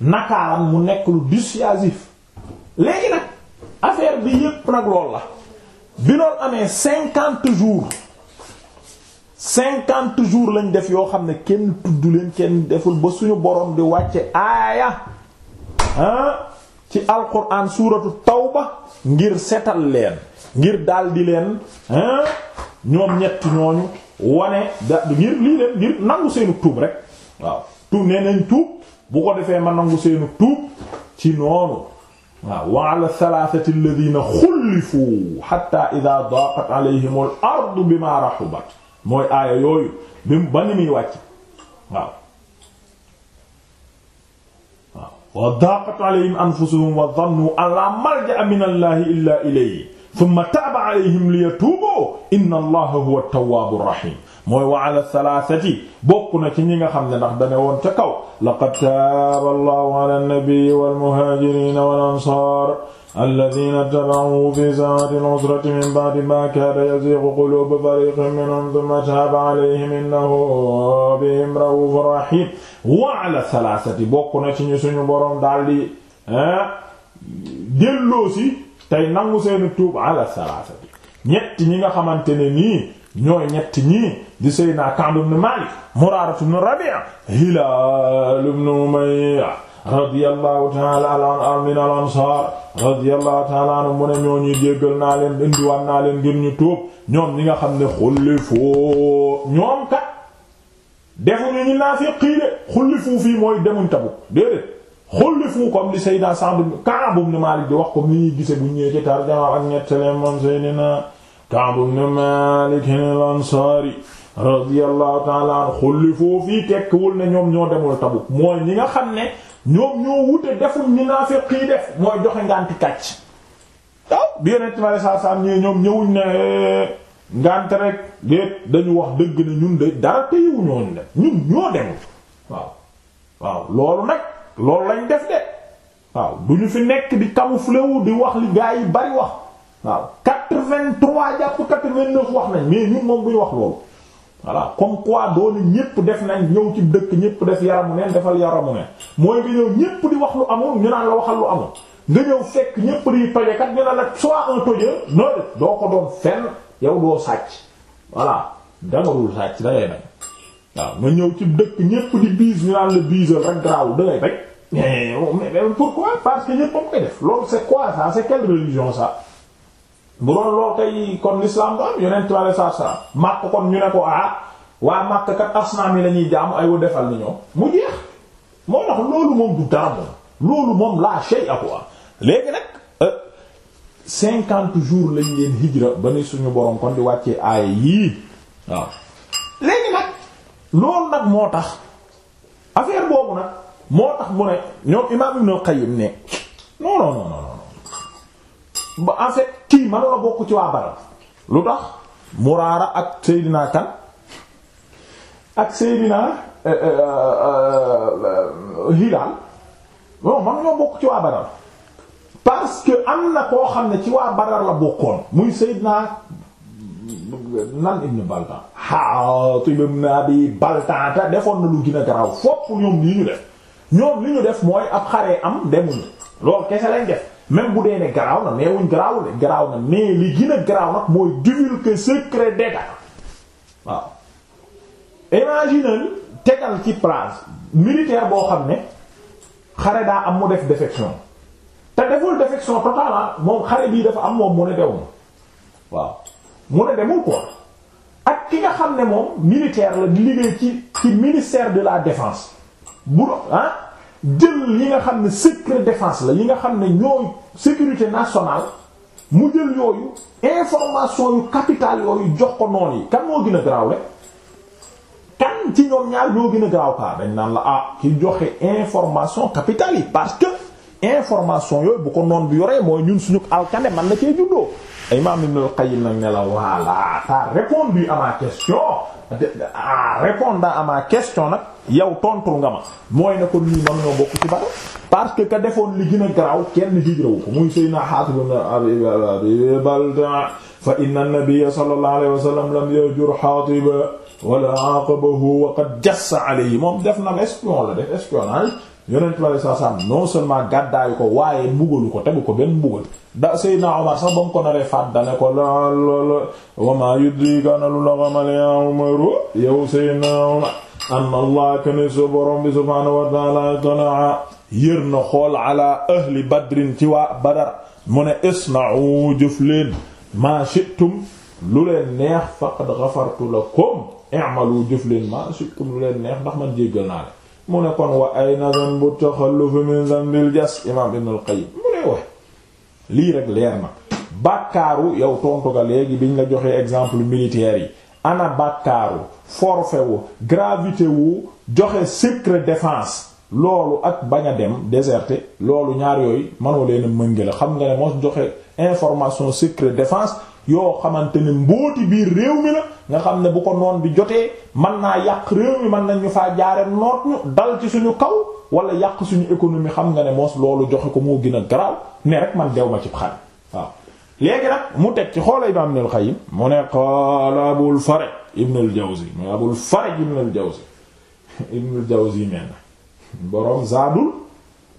nakaaram mu nekk lu dissuasif léegi nag affaire bi yépp nag lool la bi loolu amee cinquante jours cinquante jours lañ def yoo xam ne kenn tudd leen kenn deful ba suñu boroom di wàcce aaya Ah, ci alquran suuratu tawba ngir setal leen ngir daldi leen ah, ñoom ñett ñooñu wane da ngir lii leen ngir nangu seenu tuub rekk waaw tuub nee nañ tuub bu ko defee ma nangu seenu tuub ci noonu waaw wa ala thalathati yooyu bi ba wàcc waaw wa daqat alayhim anfusuhum wa dhannu an la malja'a min allahi illa ilayhi thumma taaba alayhim liyatuubu inna allaha huwa at-tawwaabu ar-rahiim mooy wa ala thalathati bokk na ci ñi nga xam ne ndax dane woon ca kaw laqad taaba allahu ala an-nabiyyi wal muhaajiriina wal ansaar alladhiina ittaba'uuhu fii saa'ati al-'usrati min ba'di maa kaada yaziighu quluubu fariiqin minhum thumma taaba 'alayhim innahu bihim ra'uufun rahiim wa ala thalathati bokk na ci ñu suñu boroom daal di ah, delloosi tey nangu seeni tuub ala thalathati ñett ñi nga xamante ne nii ñooy ñett ñii di Seydina Ka'b ibn Malik Murara ibn Rabi' Hilal ibn Umayya radiyallahu ta'ala min al-ansar radiyallahu ta'ala anhu mu ne ñoo ñuy jéggal naa leen indiwaat naa leen ngir ñu tuub ñoom ñi nga xam ne xullifu ñoom kat defuñu ñu naafiq yi de xullifu fii mooy demuñ Tabuk déedéet xullifu comme li Seydina Sa'd Ka'b ibn Malik di wax comme ni al-Ansari radiyallahu ta'ala an xullifu fii tekkiwul ne ñoom ñoo demul Tabuk mooy ñi nga xam ne ñoom ñoo wute deful ñi naafiq yi def mooy joxe nganti kàcc waaw bi yonent mi alei sat salaam ñi ñoom ñëwuñ ne eh, ngante rek déet dañu wax dëgg ne ñun de dara te ñu ñooñu de ñun ñoo demul waaw waaw loolu nag loolu lañ def de waaw du ñu fi nekk di camoufler wu di wax li gaa yi bari wax waaw quatre-vingt-trois jàpp quatre-vingt-neuf wax nañ mais ñun moom buy wax loolu voilà comme quoi doon ñépp def nañ ñëw ci dëkk ñépp def yaramu neen defal yaramu neen mooy nga ñëw ñépp di wax lu amul ñu naan la waxal lu amul nga ñëw fekk ñépp di tojekat ñu naan la soit un tojeur non doo ko doon fenn yow doo sàcc voilà dangarul sàcc da ngay bañ waaw nga ñëw ci dëkk ñépp di biis ñu naan la biisal rek garaawul da ngay bañ mais pourquoi parce que ñépp am koy def loolu c'est quoi ça c'est quelle religion ça bu doon loo tey kon l'islam ba am yonent bi alei satu kon ñu ne ko ah waa màkk kat asnaam yi la jaamu ay wa defal ni ñoom mu jeex moo tax loolu moom du moom loolu moom la shay aqua euh, cinquante jours lañ leen hijra ba ni suñu borom kon waaw léegi nag loolu nag moo tax affaire boobu nag moo tax mu ne ñoom imaam Ibn Qayyim ne non non ba en fait kii man la bokk ci waa badar lu tax muraara ak seydinaa kan ak seydinaa euh, euh, euh, hilaal non man bokk ci waa badar parce que am na koo xam ne ci waa badar la bokkoon muy seydinaa nan ibn baltan Hatib ibn Abi baltan te defoon na lu gën a garaaw fopp ñoom li ñu def ñoom li ñu def mooy ab xaree am demuñu loolu kese lañ def même bu dee ne garaaw na mais wuñ garaaw de garaaw na mais li gën garaaw nag mooy divulguer secret d'État waaw. imagine tegal ci place militaire boo xam ne xare daa am mu def défection te deful défection totale ah, moom xare bii dafa am moom mu ne dewul waaw mu ne demul quoi ak ki nga xam ne moom militaire la di liggéey ci ci ministère de la défense bu ah. jël yi nga xam ne secret défense la yi nga xam ne ñooy sécurité nationale mu jël yooyu information yu capital yooyu jox ko noon yi kan moo gën a garaaw rek kan ci ñoom ñaar ñoo gën a garaaw kaa dañ naan la ah ki joxe information capital yi parce que information yooyu bu ko noon bi yoree mooy ñun suñu alkande man na cee juddoo Imam Ibn al-Qayyim nag ne la voilà t'as répondu à ma question en répondant à ma question nag yow tontu nga ma mooy ne kon nii man ñoo bokk ci bari parce que ka defoon li gën a garaaw kenn hijrawu ko muy Seydina Haatib ibn Abi Baltaa fa inna an-nabiyya sallallahu alayhi wa sallam lam yajur Haatib wala aqabahu wa qad jassa alayhi moom def na l'espion la def espionnage yonent bi alei saa salaam non seulement gàddaayu ko waaye mbugalu ko tegu ko benn mbugal da Seydina Omar sax ba mu ko naree faat dane ko la la wama yudrika na lu la xamal ya Umaru yow Seydina Omar anna Allah kene so borom bi subhaanahu wa ta'ala tanaa yër na xool ala ahli badrin ci waa badar mu ne isna'u jëf leen ma shi'tum lu leen neex faqad ghafartu lakum i'malu jëf leen ma shi'tum lu leen neex ndax man jéggal naa la mu ne kon wa ayna zanbu taxalluf min zanbil jas imaam ibn al-Qayyim mu ne wax lii rek leer na bàkkaaru yow tontu ga léegi bi ñu la joxee exemple militaire yi ana bàkkaaru forfait wu gravité wu joxe secret defence loolu ak bañ a dem déserté loolu ñaar yooyu mënoo leen a mëngale xam nga ne moo joxe information secret defence yoo xamante ne mbooti biir réew mi la nga xam ne bu ko noon bi jotee man naa yàq réew mi mën nañ ñu faa jaare noot ñu dal ci suñu kaw wala yàq suñu économie xam nga ne moos loolu joxe ko moo gën a garaaw ne rek man dew ma ci xare waaw léegi nag mu teg ci xoola imaam Ibnul Qayyim mu ne qaala Abul Faraj Ibnul Jawzi mu Abul Faraj Ibnul Jawzi <laughs> Ibnul Jawzi mel na boroom Zaadul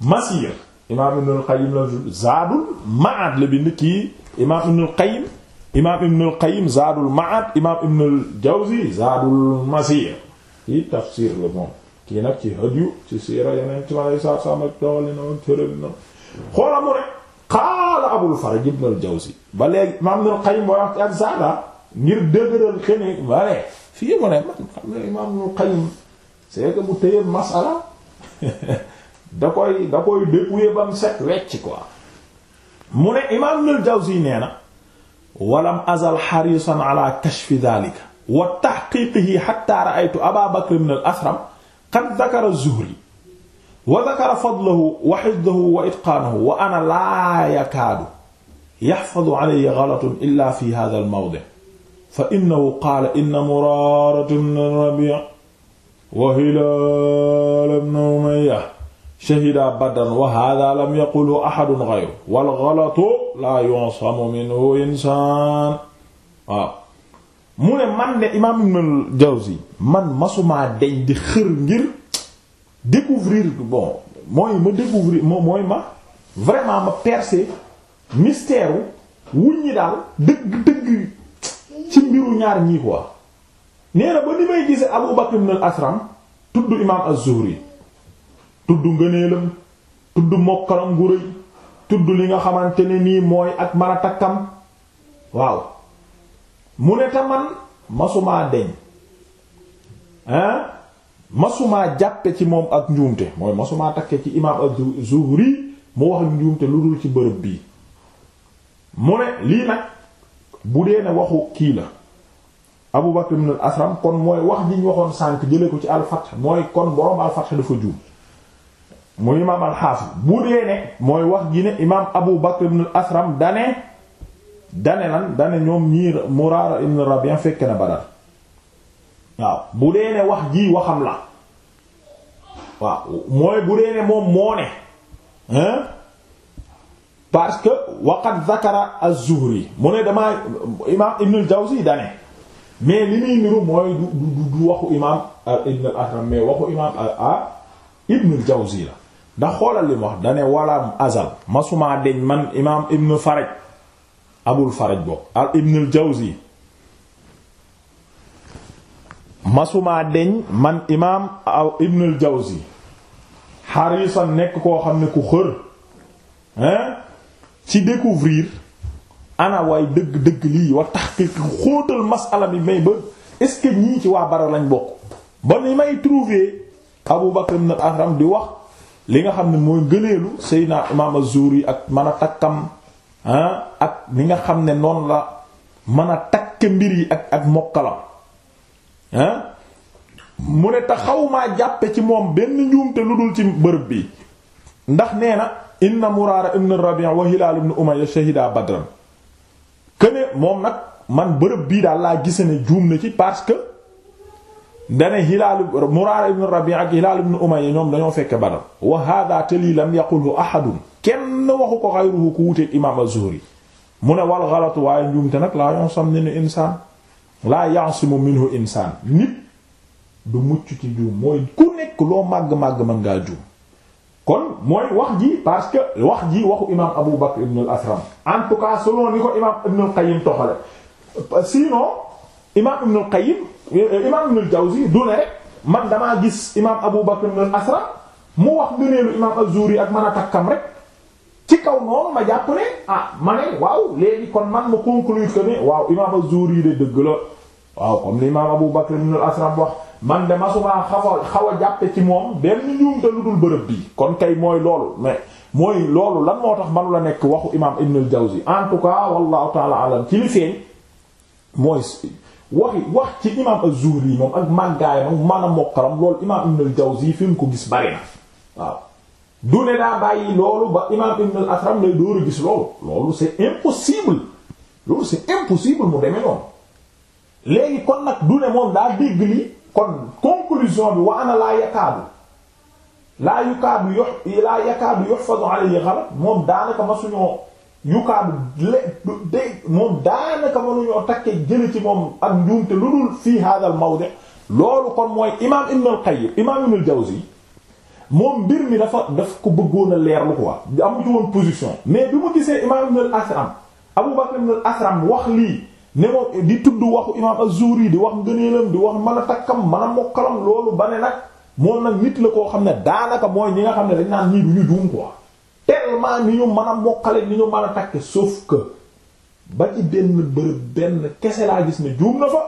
Masiir imaam Ibnul Qayyim la Zaadul Maad la bind kii imaam Ibnul Qayyim imaam ibnul Qayyim Zaadul Ma'aad imaam ibnul Jawzi Zaadul Masiir kii tafsir la moom kii nag ci hadyu ci siira yeneen ci ma lay saa saa ma doole noonu tërël noonu xoola mu ne qaala Abul Faraj ibnul Jawzi ba imaam ibnul Qayyim boo wax ci ak Zaada ne bu téye masala <laughs> da koy da koy dépouiller ba mu set wecc quoi mu ne imaam ibnul Jawzi nee na walam azal xarisan ala kashfi dhalika wa taxqiqihi xatta raaytu aba bakr ibn al asram qad dakara zuhri wa dakara fadlahu wa xifdahu wa itqaanahu wa ana laa yakaadu yaxfadu alayya galatun illa fi hada al mawdi fa innahu qaala inna muraarata ibn rabi' wa hilaal ibn umayya shahida badran wa hada lam yaqulhu axadun gayruhu wal galatu laa yonsamu minhu insaan waaw mu ne man de imaam Ibnul Jawzi man masumaa deñ di xër ngir découvrir bon mooy ma découvrir moom ma vraiment ma percer mystère wuñ ñi daal dëgg dëgg ci mbiru ñaar ñii quoi nee ba ni may gisee Abu Bakr asram tudd imaam az tudd ngëneelam tudd mokkalam gu rëy tudd li nga xamante ne nii mooy ak man a takkam waaw mu ne te man deñ hein masumaa jàppe ci moom ak njuumte mooy masumaa takke ci imaam az-Zuhri mu wax ak njuumte lu dul ci bërëb bii mu ne lii nag bu dee ne waxu kii la Abu Bakr ibn al kon mooy wax ji waxoon sànq jële ko ci al-Fath mooy kon boroom al dafa juum mu imaam alxaafis bu dee ne mooy wax gi ne imaam abu bakr ibn asram dane dane lan dane ñoom ñii muraara ibn rabian fekk na badar waaw bu dee ne wax ji waxam la waaw mooy bu dee ne moom moo ne hein parce que waqad zakara az-zuhri mu ne damaa imaam ibn al-jawzi dane mais li muy niru mooy du du du waxu imaam euh, ibn al-asram mais waxu imaam euh, a ah, ibn al-jawzi la ndax xoolal li mu wax dane walam azal masumaa deñ man imaam ibnu jawzi masumaa deñ man nekk koo xam ne ku xër hein ci découvrir ana waay dëgg dëgg lii wa taxqiq xóotal masala bi may ba est-ce ci waa bara lañ bokk ba ni may trouver Abu Bakr ibn al di wax li nga xam ne mooy gëneelu Seydina Imaam Az-Zuhri ak mën a takkam ah, ak li nga xam ne noonu la mën a takke mbir yi ak ak mokkalam ah. mu ne te xaw maa jàppe ci moom benn njuumte lu dul ci bërëb bi ndax nee na inna Muraara ibn Rabi' wa Hilaal ibn Umayya shahida Badran këne moom nag man bërëb bii daal laa gise ne juum na ci parce que dane Hilaal Muraara ibn Rabi' ak Hilaal ibn Umayya ñoom dañoo fekk Badr wa haadaa te lii lam yaqulhu ahadun kenn waxu ko xayruhu ku wuteeg imaam az-Zuhri mu ne wal ghalatu waaye njuumte nag laa yonsam ninu insaan laa yansimu minhu insaan nit du mucc ci juum mooy ku nekk loo màgg-màgg ma ngaa juum kon mooy wax ji parce wax ji waxu imaam Abu Bakr ibn asram en tout cas selon ni ko imaam Ibn al-Qayyim toxale imaam Ibnul Qayyim eh, imaam Ibnul Jawzi du ne rek man damaa gis imaam Abu Bakr ibnul Asra mu wax gëneelu imaam az ak man a takkam rek ci kaw noonu ma jàpp ne ah ma ne waaw léegi kon man ma conclure que ne waaw imaam az de dëgg la waaw comme ni imaam Abu Bakr ibnul Asra wax man de masuma xaw a xaw a jàppe ci moom benn njuumte lu dul bërëb bi kon kay mooy loolu mais mooy loolu lan moo tax manu la nekk waxu imaam Ibnul Jawzi en tout cas wallahu waxi wax ci imaam az-Zuhri moom ak màggaayam ak man a loolu imaam Ibn al-Jawzi fi mu ko gis bari waaw du ne daa bàyyi loolu ba imaam Ibn al-Asram lay dóor a gis loolu loolu c'est impossible mu demee noonu léegi kon nag du ne moom daa dégg li kon conclusion bi wa ana laa yakaadu laa yukaadu yox laa yakaadu yuhfazu alayhi ghalat moom daanaka ma suñoo yukaadu day moom daanaka mënuñoo takkee jële ci moom ak njuumte lu dul fii hada al mawdi loolu kon mooy imaam ibn al imaam ibn jawzi moom mbir mi dafa daf ko bëggoon a leerlu quoi amu ci woon position mais bi mu gisee imaam ibn al asram abu bakr ibn asram wax lii ne moom di tudd waxu imaam az di wax ngëneelam di wax mën a takkam mën a mokkalam loolu ba ne nag moom nag nit la koo xam ne daanaka mooy ñi nga xam ne dañ naan ñii du ñu juum tellement ni ñu mën a mokkale ni ñu man a takke suuf que ba ci benn bërëb benn kese laa gis ne juum na fa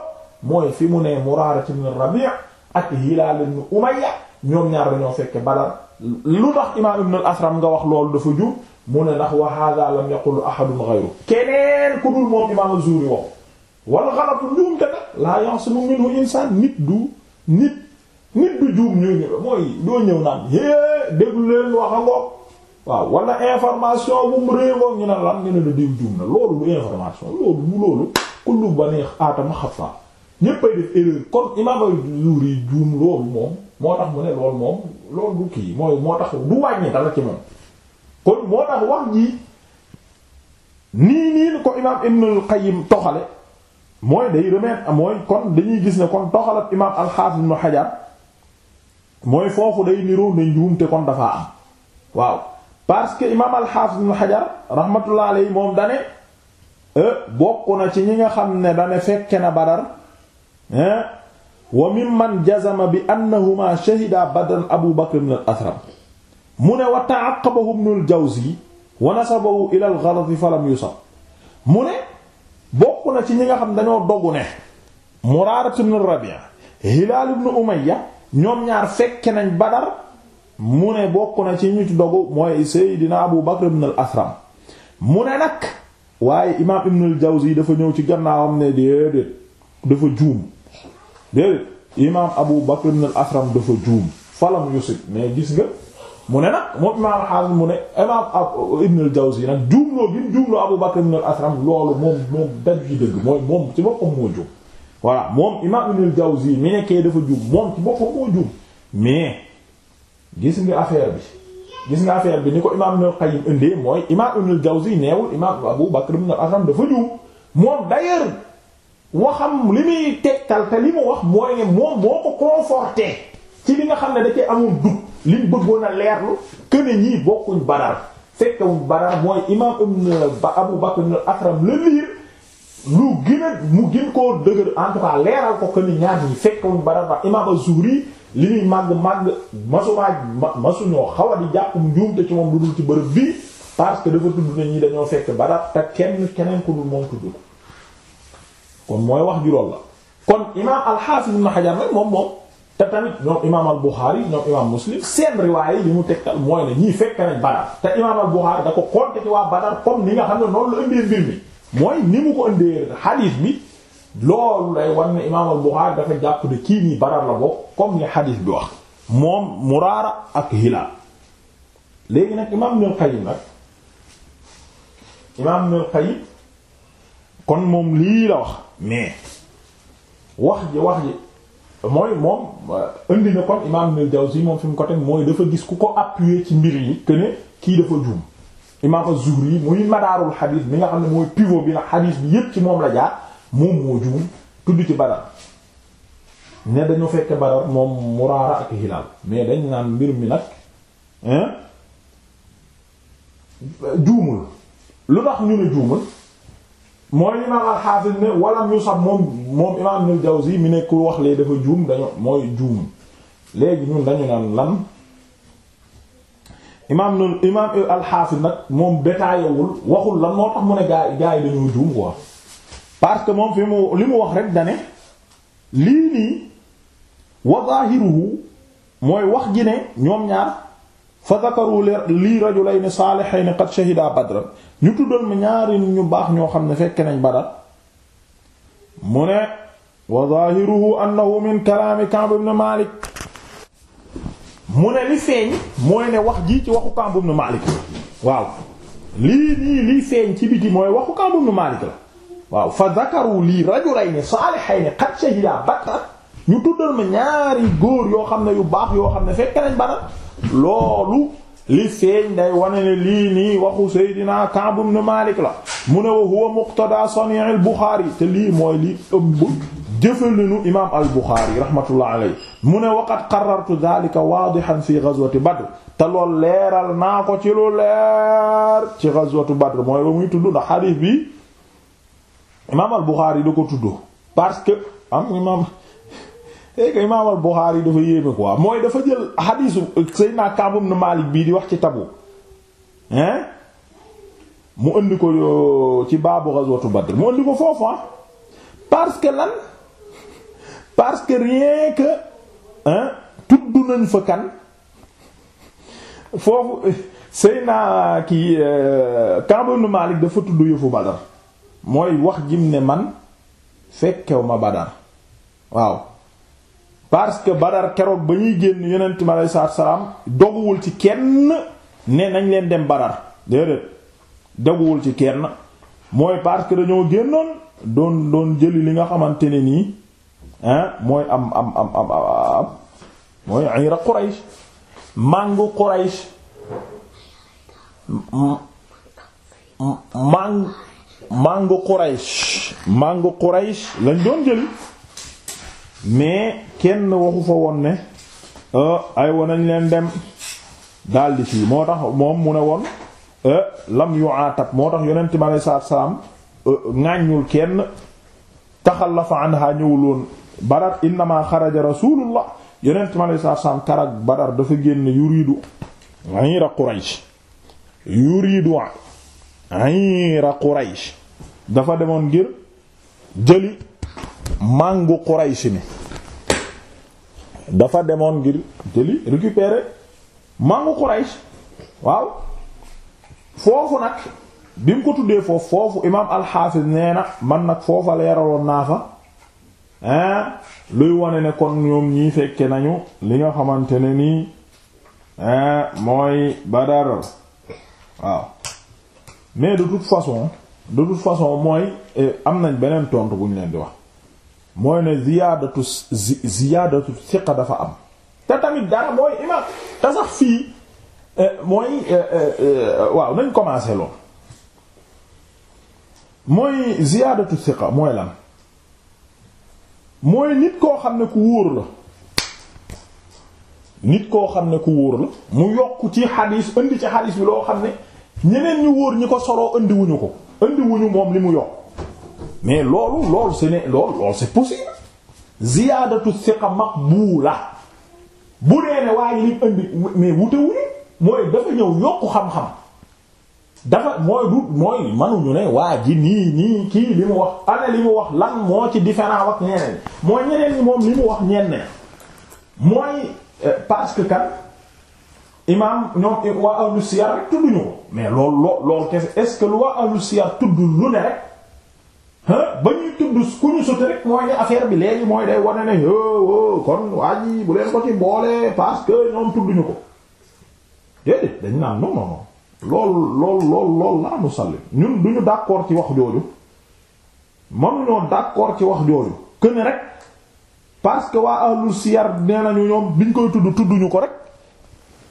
mooy fi mu ne Muraara ibn Rabi' ak Hilaal ibn Umayya ñoom ñaar dañoo fekke Badar lu tax imaam ibn al-Asram nga wax loolu dafa juum mu ne ndax wa hadha lam yaqul ahadun ghayru keneen ku dul moom imaam az-Zuhri wax wala xalatu njuumte nag laa ya'simu minhu insaan nit du nit nit du juum ñooy mooy doo ñëw naan é déglu leen wax a ngoog waaw wala information bu mu réewoon ñu ne la diw juum na loolu du information loolu bu loolu kullu bani aadama xata ñéppay def erreur kon imaam al-Zuhri juum loolu moom moo tax mu ne loolu moom loolu du kii mooy moo tax du wàññi dara ci moom kon moo tax wax ji nii nii ko imaam Ibn al toxale mooy day remettre mooy kon dañuy gis ne kon toxalat imaam al-Hafiz Ibn mooy foofu day niroo ne njuumte kon dafa am waaw parce que imaam al-Hafiz ibn Hajar rahmatullah alayhi moom dane euh, bokk na ci ñi nga xam ne dane fekke na Badar wa mimman jazama bi annahuma shahida badran Abu Bakr ibn al-Athram mu ne wa ta'aqqabahu ibn al-Jawzi wa nasabahu ila al-ghalat falam yusab mu ne bokk na ci ñi nga xam dañoo dogu ne Murara ibn Rabi' Hilal ibn Umayya ñoom ñaar fekke nañ Badar mu ne bokk na ci ñu ci dogu mooy Seydina Abu Bakr ibn al-Asram mu ne nag waaye imaam Ibn al-Jawzi dafa ñëw ci gannaawam ne déedéet dafa juum déedéet imaam Abu Bakr ibn al-Asram dafa juum falam yusib mais gis nga mu ne nag moom imaam xaalis mu ne imaam Ibn al-Jawzi nag juumloo bi mu juumloo Abu Bakr ibn al-Asram loolu moom moom daj yi dëgg mooy moom ci boppam moo juum voilà moom imaam Ibn al-Jawzi mi nekkee dafa juum moom ci boppam gis nga affaire bi gis nga affaire bi ni ko imaam Ibnul Qayyim indee mooy imaam Ibnul Jawzi neewul imaam Abu Bakr ibn al-Asam dafa juum moom d'ailleurs waxam li muy tegtal te li mu wax mooy ne moom moo ko conforté ci li nga xam ne da ci amoon li liñ bëggoon a leerlu que ne ñii bokkuñ Badar fekkewuñ Badar mooy imaam ibn Abu Bakr ibn al la liir lu gën a mu gën koo dëgër en tout cas leeral ko que ñaar ñi fekkewuñ Badar ndax imaam Az-Zuhri li ñuy màgg màgg masumaa masuñoo xaw a di jàppum njuumte ci moom lu dul ci bërëb bii parce que dafa tudd ne ñi dañoo fekk badar te kenn keneen ku dul moom tudd ko kon mooy wax ju la kon imaam alxaafis ibn xajar nag moom moom te tamit ñoom imaam al buxaari ñoom imaam muslim seen riwaay li mu tegtal mooy ne ñii fekk nañ badar te imaam al da ko compter ci waa badar comme ni nga xam ne noonu la ëndee mbir mi mooy ni mu ko ëndee xadiis bi loolu day war ne imaam al-Bukhari dafa jàpp ne kii nii barar la bokk comme ni xadiis bi wax moom Muraara ak Hilaal léegi nag imaam Ibnul Qayyim nag imaam Ibnul Qayyim kon moom lii la wax mais wax ji wax ji mooy moom euh, indi na kon imaam Ibnul Jawzi moom fi mu ko teg mooy dafa gis ku ko appuyer ci mbir yi que kii dafa juum imaam az-Zuhri muy madaarul xadiis mi nga xam ne mooy pivot bi nag xadiis bi yépp ci moom la jaar moom moo juum tudd ci Badar ne dañu fekk Badar moom Muraara ak Hilaal mais dañ naan mbir mi nag hein juumul lu tax ñu ne juumul mooy imaam al-Hafiz ne walam ñu sax moom moom imaam Ibn jawzi mi ne ku wax lee dafa juum dañu mooy juum léegi ñun dañu naan lan imaam imaam al nag moom détaillé wul waxul lan moo tax mu ne gaa gaa dañoo juum quoi parce que moom fi mu li mu wax rek dane lii nii wa wax ji ne ñoom ñaar fa zakaru lii rajulayn saalihayn qad shahida badra ñu tuddal ma ñaari ñu baax ñoo xam ne fekk nañ badar mu ne wa zahiruhu annahu Malik mu ne li feeñ mooy ne wax ji ci waxu Ka'b ibn Malik waaw lii nii liy feeñ ci biti mooy waxu Ka'b Malik la waaw fa zakaru lii rajulayni salihayni qad shahida badra ñu tuddal ma ñaari góor yoo xam ne yu baax yoo xam ne fekk nañ Badar loolu li feeñ day wane ne lii nii waxu Seydina Ka'b ibn Malik la mu ne wa huwa muqtada sani' al-Bukhari te lii mooy li ëmb jëfalinu imam al-Bukhari rahmatullah alayhi mu ne waqad qarrartu dhalika wadihan fi ghazwati Badr te loolu leeral naa ko ci lu leer ci ghazwatu Badr mooy ba muy tudd ndax hadith bi imaam al Buxaari da ko tudd parce que am imaam tey eh, que imaam al Buxaari dafa yéeme quoi mooy dafa jël xadiisu Seydina Kaab ibn Maalik bii di wax ci Tabuk hein mu indi ko euh, ci baabu ghazwatu Badr mu indi ko foofu parce que lan parce que rien que tudd nañ fa kan foofu Seydina kii euh, Kaab ibn Maalik dafa tudd yëfu Badr mooy wax jim ne man fekkew ma Badar waaw parce que Badar keroog ba ñuy génn yonent mi aleyhi salaatu salaam doguwul ci kenn ne nañ leen dem Badar déedéet doguwul ci kenn mooy parce que dañoo génnoon doon doon jëli li nga xamante ne nii mooy am am am am mooy ayra Quraysh màngu Quraysh màng mangu Quraysh mangu Quraysh lañ doon jëli mais kenn waxu fa woon ne euh, ay wonañ leen dem daldi fii moo tax moom mu ne woon euh, lam yu atab moo tax yonent mi aleyhi salaatu salaam euh, ŋàññul kenn taxallafa anha ñëwuloon badar innama xaraja rasulullah yonent mi aleyhi salaatu salaam karak badar dafa génn yuriidu ghayra Quraysh yuriidu ayra Quraysh dafa demoon ngir jëli màngu Quraysh mi dafa demoon ngir jëli récupérer màngu Quraysh waaw foofu nag bi mu ko tuddee foofu foofu imaam alxaafis nee man nag foofa leeraloon naa fa hein luy wane ne kon ñoom ñii fekke nañu li nga xamante ne nii hein mooy Badar waaw mais de toute façon de toute façon mooy eh, am nañ beneen tontu bu ñu leen di wax mooy ne ziyaadatu ziyaadatu siqa dafa am te tamit dara mooy imaam te sax fii eh, mooy eh, waaw nañ commencé lool mooy ziyaadatu siqa mooy lan mooy nit koo xam ne ku wóor la nit koo xam ne ku wóor la mu yokk ci xadiis indi ci xadiis bi loo xam ne ñeneen ñu wóor ñi ko soloo indiwuñu ko indiwuñu moom li mu yokk mais loolu loolu ce n'est loolu loolu c'est possible ziyaadatu thiqa maqbula bu dee ne waaye lim indi mais wute wuñu mooy dafa ñëw yokku xam-xam dafa mooy du mooy manuñu ne waa ji nii nii kii li mu wax ana li mu wax lan moo ci différent ak ñeneen mooy ñeneen moom li mu wax ñenn mooy euh, parce imaam ñoom waa ahlu siyar rek tudduñu ko mais loolu loo loolu kese est-ce que lu waa ahlu siyar tudd lu ne rek ba ñuy tudd ku ñu sote rek mooy ne affaire bi léegi mooy day wane ne o oh, oh, kon waa bu leen ko ci boole parce que ñoom tudduñu ko déedéet dañ naan non non non loolu lool lool lool laa nu salli ñun duñu d'accord ci wax jooju mënuñoo d'accord ci wax jooju que rek parce que waa ahlu siyar nee nañu ñoom biñ koy tudd tudduñu ko rek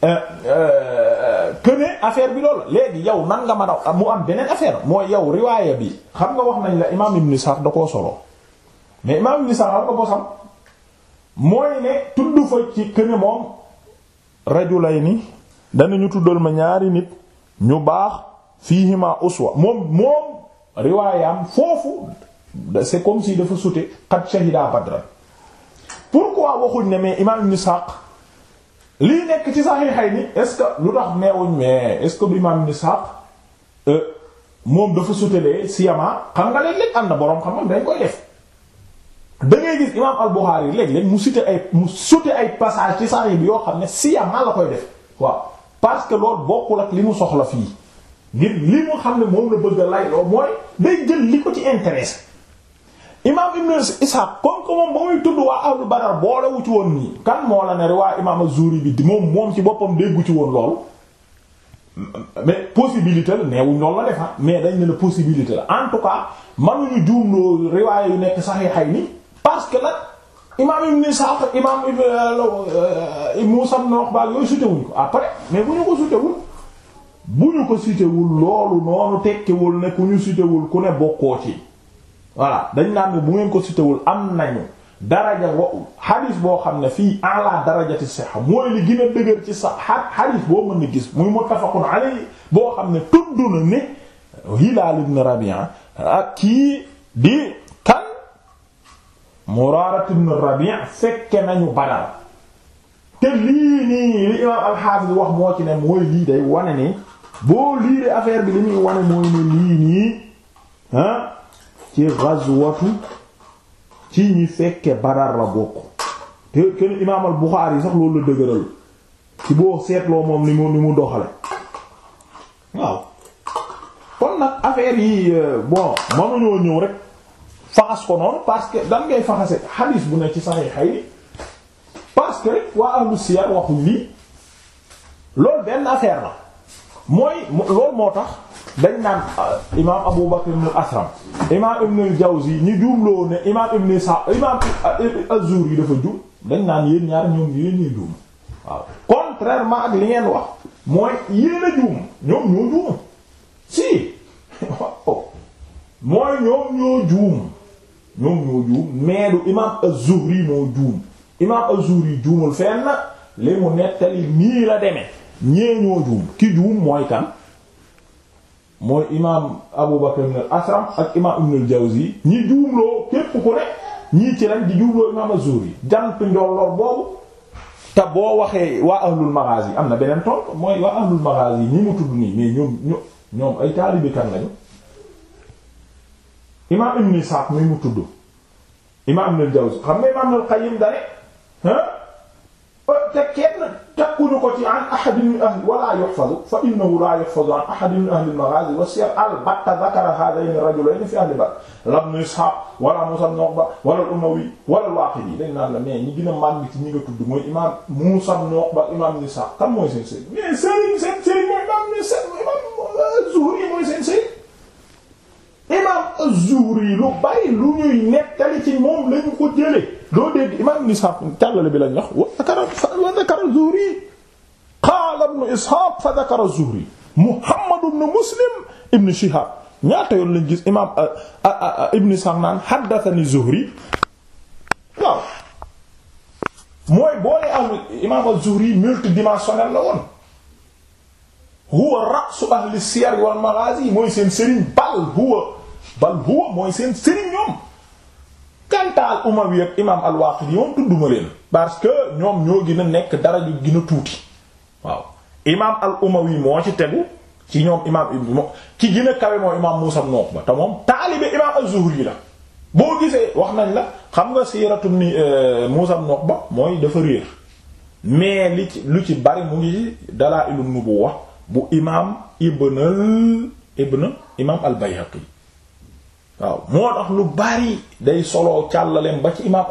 Euh, euh, que ne affaire bi loolu léegi yow nan nga mën a mu am beneen affaire mooy yow riwaaya bi xam nga wax nañ la imaam Ibn Sa'd da koo solo mais imaam Ibn Sa'd xam nga bosam mooy ne tudd fa ci que ne moom rajulayni danañu tuddal ma ñaari nit ñu baax fii fiihima uswa moom moom riwaayam foofu c'est comme si dafa sute qad shahida Badr pourquoi waxuñ ne mais imaam Ibn lii nekk ci saxiixay ni est-ce que lu tax neewuñ mais est-ce que bu imaam Ibn Ishaq euh, moom dafa sutalee siyamaa xam nga léeg-léeg am na boroom xam-xam dañ koy def da ngay gis imaam al-Bukhari léeg-léeg mu cité ay mu sute ay passage ci saxiix bi yoo xam ne siyamaa la koy def waaw parce que loolu bokkul ak li mu soxla fii ngir li mu xam ne moom la bëgg a lay loo mooy day jël li ko ci intéressé imaam ibn Ishaq comme que moom ba muy tudd waa ahlul badar boolewu ci woon nii kan moo la ne waa imaam az bi di moom moom ci boppam déggu ci woon loolu mais possibilité la neewuñ loolu la def ah. mais dañ ne la possibilité la en tout cas mënuñu juumloo riwaaya yi nekk saxiixay ni parce que la imaam ibn Ishaq imaam euh, euh, Muusaa ibn Uqba yooyu sutewuñ ko après mais bu ñu ko sutewul bu ñu ko sutewul loolu noonu tekkewul ne ku ñu sutewul ku ne bokkoo ci voilà dañ naan bu ngeen ko citéwul am nañu daraja wa xadis boo xam ne fii ala darajati sihha mooy li gën dëgër ci sax xadis boo mën na gis muy muttafaqun alayhi boo xam ne tudd na ne Hilaal ibn Rabi'a ak kii di kan Muraara ibn Rabi'a fekke nañu Badar te lii nii li imaam al wax moo ci ne mooy lii day wane ne boo liiree affaire bi li ñuy wane mooy ne lii nii ci ghazwatu ci ñi fekke Badar la bokk te kenn imaam al sax loolu la dëgëral ci boo seetloo moom ni mu ni mu doxale waaw kon nag affaire yi euh, bon mënuñoo ñëw rek faxas ko noonu parce que dan ngay faxase xadiis bu ne ci saxiixa yi parce que waa ahlu siyar waxuñ lii loolu benn affaire la mooy loolu moo tax dañ naan euh, imaam Abu Bakr ibn al-Asram imaam Ibn jawzi ñi juumloo ne imaam Ibn Sa imaam euh, az dafa juum dañ naan yéen ñaar ñoom yéen ñuy juum waaw contrairement ak li ngeen wax mooy yéen a juum ñoom ñoo juum si <laughs> oh. imaam az moo juum imaam Az-Zuhri juumul fenn li mu nettali nii la demee ñee ñoo juum ki juum mooy kan. mooy imaam Abu Bakr ibn al-Asram ak imaam Ibn al-Jawzi ñi juumloo képp ku ne ñii ci lañ di juumloo imaam az-Zuhri jant njolloor boobu te boo waxee waa ahlul maghazi am na beneen tontu mooy waa ahlul maghazi ñi mu tudd nii mais ñoom ñoom ñoom ay taalibe kan lañu imaam Ibn Sa'd mi mu tudd imaam Ibn al-Jawzi xam nga imaam al-Qayyim dane ah te kenn takkuñu ko ci an ahadin min ahli wala yuhfazu fa innahu la yuhfazu an ahadin min ahli al-maghazi wa siyar al-batta dhakara hadhayn ar-rajulayn fi ahli Badr la Ibn Ishaq wala Musa ibn Uqba wala al-Umawi wala al-Waqidi dañ naan la mais ñi gën a màgg ci ñi nga tudd mooy imam Musa ibn Uqba imam Ibn Ishaq kan mooy seen sëriñ mais sëriñ seen sëriñ mooy imam Zuhri mooy seen sëriñ imam az-Zuhri lu bari lu ñuy nettali ci moom lañu ko jële doo dégg imam ibn Ishaq càllale bi lañ wax wa zakara az-Zuhri qaala ibn Ishaq fa zakara az-Zuhri Muhammad ibn Muslim ibn Shihab ñaata yoon lañ gis imam ibn Ishaq naan haddathani Zuhri waaw mooy boo ne am imam az-Zuhri multidimensionnel la woon huwa ra'su ahli siyar wal maghazi mooy seen sëriñ bal huwa bal huwa mooy seen sëriñ ñoom kantaal umawi ak imam al-Waqidi tudduma leen parce que ñoom ñoo gën nekk dara ju gën tuuti waaw imam al umawi moo ci tegu ci ñoom imam ibn ci gën kawe moo imam Musa ibn Uqba te moom taalibe imam az-Zuhri la boo gisee wax nañ la xam nga siiratu ni euh, Musa ibn Uqba mooy dafa réer mais li ci lu ci bari mu ngi ci Dalaa'ilun Nubuwwa bu imaam ibn ibn imaam al-Bayhaqi waaw moo tax lu bari day soloo càllaleen ba ci imaam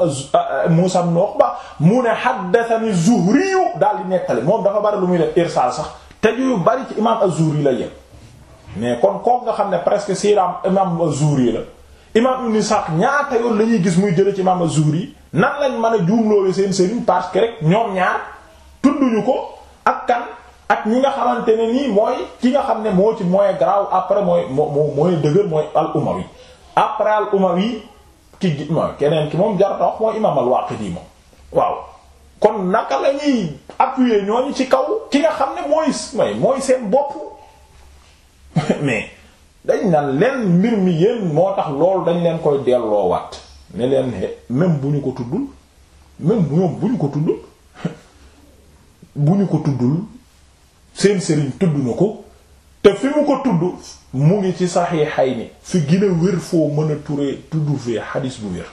Muusaa ibn Uqba mu ne haddathani Zuhri daal di nettali moom dafa bari lu muy def irsaal sax te yu bari ci imaam az la mais kon kook nga xam ne presque siiraam imaam az-Zuhri la ñaata yoon la ñuy gis muy jële ci imaam az-Zuhri nan lañ mën a juumloowe seen sëriñ parce que rek ñoom ñaar tudduñu ko ak ak ñi nga xamante ne nii mooy ki nga xam ne moo ci mooy graw après mooy moo mooy dëgër mooy al umawi après al umawi ki keneen ki moom jarata wax mooy imaam al Waaqidi moom waaw kon naka la ñuy appuyer ñooñu ci kaw ki nga xam ne mooy may mooy seen bopp <laughs> mais dañ naan leen mbir mi yéen moo tax loolu dañ leen koy wat ne leen même bu ñu ko tuddul même bu ñu ko tuddul <laughs> bu ñu ko tuddul seen sëriñ tudd na ko te fi mu ko tudd mu ngi ci xay ni fi gën a wér foo mën a turee tudd fee xadis bu wér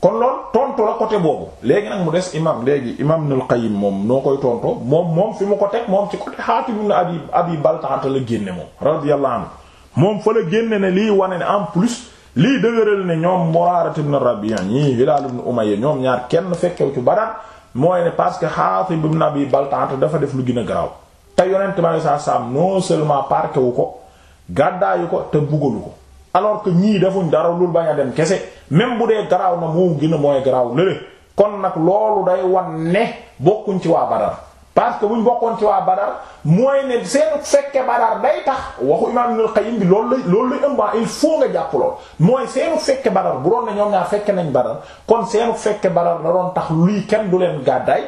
kon lool tontu la côté boobu léegi nag mu des imam léegi imam Ibnul Qayyim moom noo koy tontoo moom moom fi mu ko teg moom ci côté Haatim ibn Abi Abi Baltaata la génne moom radiyallahu anhu moom fa la génne ne lii wane ne en plus lii dëgëral ne ñoom Muraara ibn Rabi'a ñii Hilaal ibn Umayya ñoom ñaar kenn fekkew ci Badar mooy ne parce que Xaatib ibn Abi Baltaata dafa def lu gën a garaaw te yonent bi alayhi salaam non seulement parqué wu ko gàddaayu ko te buggalu ko alors que ñii defuñ dara lu bañ a dem kese même bu dee garaaw na moo gën a mooy garaaw lële kon nag loolu day wan ne bokkuñ ci waa Badar parce que bu ñu bokkoon ci waa Badar mooy ne seen fekke Badar day tax waxu imaam Ibnul Qayyim bi loolu la loolu la ëmb il faut nga jàpp lool mooy seenu fekke Badar bu doon ne ñoom ñaar fekke nañ Badar kon seenu fekke Badar da doon tax luy kenn du leen gàddaay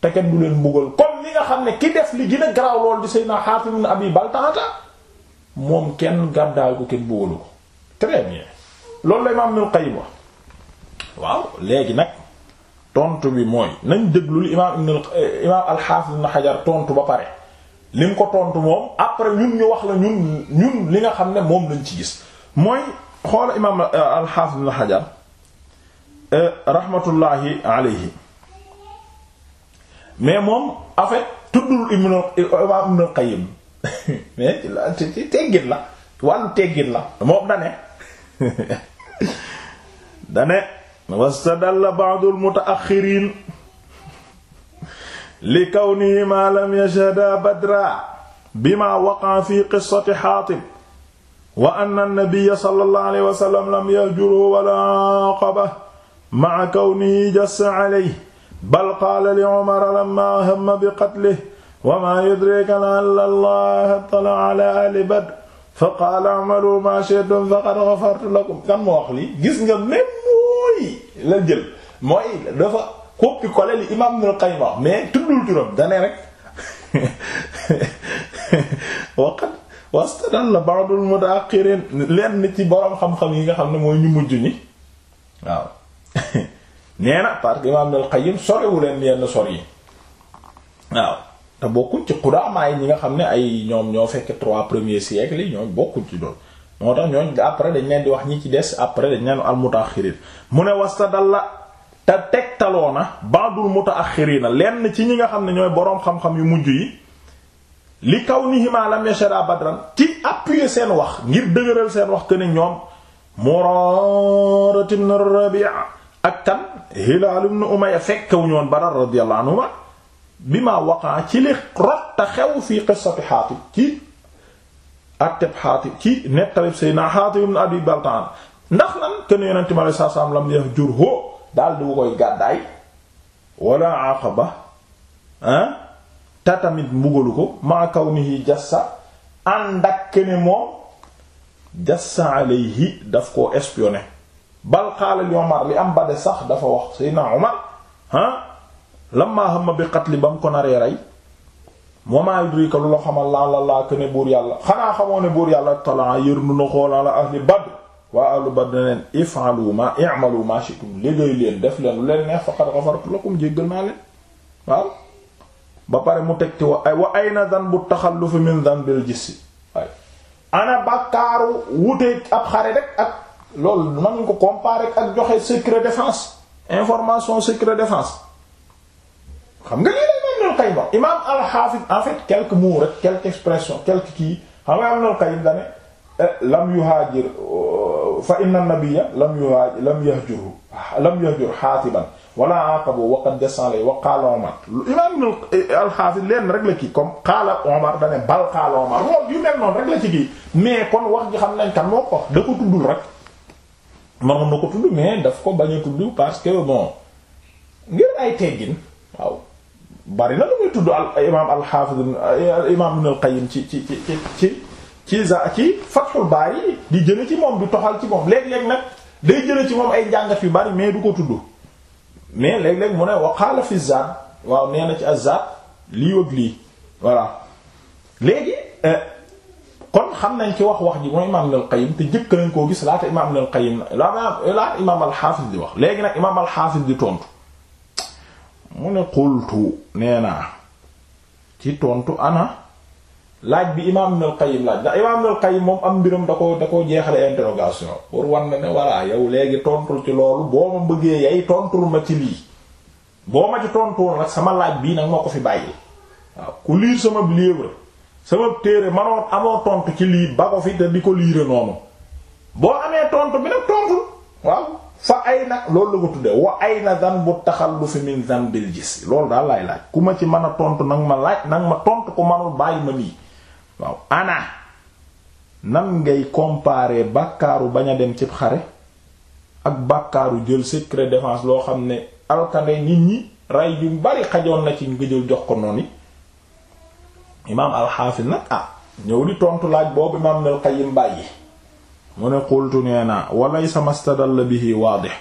te kenn du leen mbugal comme li nga xam ne ki def li gën a garaaw lool di Seydina Haatib ibn Abi Baltaata moom kenn gàddaay ko kenn mbugalu ko très bien loolu la imaam Ibnul Qayyim wax waaw nag. tontu bi mooy nañ déglul imaam ibn eh, imaam al-Hafiz ibn Hajar tontu ba pare li mu ko tontu moom après ñun ñu wax la ñun ñun li nga xam ne moom lañ ci gis mooy xoola imaam eh, al-Hafiz ibn Hajar eh, rahmatullahi mais moom en fait tuddul ibn imaam ibn al <laughs> mais ci teggin la wàllu teggin la moom dane <laughs> dane wastadalla ba'du al-muta'axxiriin li kawnihimaa lam yashhadaa badran bimaa waqa'a fii qissati Haatib wa anna an-nabiyya sallallahu alayhi wa sallam lam yahjurhu wa laa 'aaqabahu ma'a kawnihi jassa 'alayhi bal qaala li 'Umara lammaa hamma bi qatlihi wa maa yudriika la'alla Allaha ittala'a 'alaa ahli Badr fa qaala i'maluu maa shi'tum faqad ghafartu lakum kan moo wax lii gis nga même la jël mooy dafa copie collé li imam Ibn Qayyim wax mais tuddul turam dane rek <laughs> waqat wastadalla ba'dul muta'akhirin lenn ci boroom xam-xam yi nga xam ne mooy ñu mujj ñi waaw <laughs> nee na parce que imam Ibn Qayyim soriwu leen yenn sor yi waaw te bokkuñ ci xudaamaa yi ñi nga xam ne ay ñoom ñoo fekke trois premiers siècles yi ñoom bokkuñ ci doon moo tax ñooñu après dañ leen di wax ñi ci des après dañ leen al mutaaxiriin mu ne wasta dalla te tegtaloo na ba'dul mutaaxiriina lenn ci ñi nga xam ne ñooy boroom xam-xam yu mujj yi li kawnihima lam yashara badran ci appuyer seen wax ngir dëgëral seen wax que ne ñoom Muraara ibn Rabi'a ak kan Hilaal ibn Umayya fekkewuñu woon Badar radiyallahu anhuma bima waqa ci li rot te xew fii qissati Haatib ci atteb Xaatib ci nettalib Seydina Xaatib ibn Abi Baltaan ndax lan kenn yonente mi alayhi salaam lam yax jur hoo daal di koy gàddaay wala aqaba ah te tamit mbugalu ko maa kawnihi jassa ànd ak ne moom jassa alayhi daf koo espionné bal li Omar li am ba sax dafa wax Seydina Omar ah lamma hamma bi qatli ba mu ko naree rey wama yudrika lu la xamal laa la ne buur yàlla xanaa xamoo ne buur yàlla talaa yërnu na xool ala ahli badr waa ahlu badr leen if'alu ma i'malu ma shi'tum liggéey leen def leen lu leen neex faqad ghafartu lakum jéggal naa leen waaw ba pare mu tegti wa ay wa ayna dhanbu taxalluf min dhanbil jissi waaye ana bàkkaaru wuteeg ab xare rek ak loolu man nga ko comparer ak joxe secret défense information secret défense xam nga lii Ibnul Qayyim wax imaam al-Hafiz en fait quelques mots rek quelques expressions quelques kii xam nga Ibnul Qayyim da ne eh, lam yuhaajir euh, fa inna nabiyya lam yuhaajir lam lam yahjur haatiban wala aqabu wa qad descend wa qaala Omar imaam eh, leen rek la kii comme qaala Omar da bal qaala Omar loolu yu mel noonu rek la kii mais kon wax ji xam nañ kan moo ko wax da ko tuddul rek mënoon na ko tudd mais daf ko bañ a parce que bon ngir ay teggin waaw. bari na lu muy tudd al imaam al-Hafiz eh, imaam Ibn al-Qayyim ci ci ci ci ci ci za di jën ci moom di toxal ci moom léeg-léeg nag day jële ci moom ay njàngat yu bari mais du ko tudd mais léegi léeg mu ne wa qaala fi waaw nee na ci az-Zaad lii wëg lii voilà léegi eh, kon xam nañ ci wax wax ji mooy imaam Ibn al jëkk nañ koo gis laata imaam Ibn al-Qayyim laata imaam di wax léegi nag imaam al-Hafiz di tontu. mu ne qultu nee ci tontu ana laaj bi imaam Ibnul Qayyim laaj ndax imaam Ibnul Qayyim moom am mbiram da ko da ko jeexale interrogation pour wan ne voilà yow léegi tontul ci loolu boo ma bëggee yay tontul ma ci lii boo ma ci tontuwoon nag sama laaj bii nag ma ko fi bàyyi waaw ku liir sama livre sama téere manoon amoo tontu ci lii ba ko fi te di ko liire noonu boo amee tontu bi nag tontu waaw fa ayna loolu la ko tuddee bu ayna dhanbu taxallufi min dhanbil jis loolu daal laay laaj ku ma ci mën a tontu nag ma laaj nag ma tontu ku manul bàyyi ma nii waaw ana nan ngay comparer bàkkaaru bañ a dem cib xare ak bàkkaaru jël secret défense loo xam ne alkande nit ñi rey ju bari xajoon na ci nga jël jox ko noonu imaam alxaafis nag ah ñëw di tontu laaj boobu imaam nal Qayyim bàyyi mu ne qultu nee naa walaysa mastadalla bihi waadih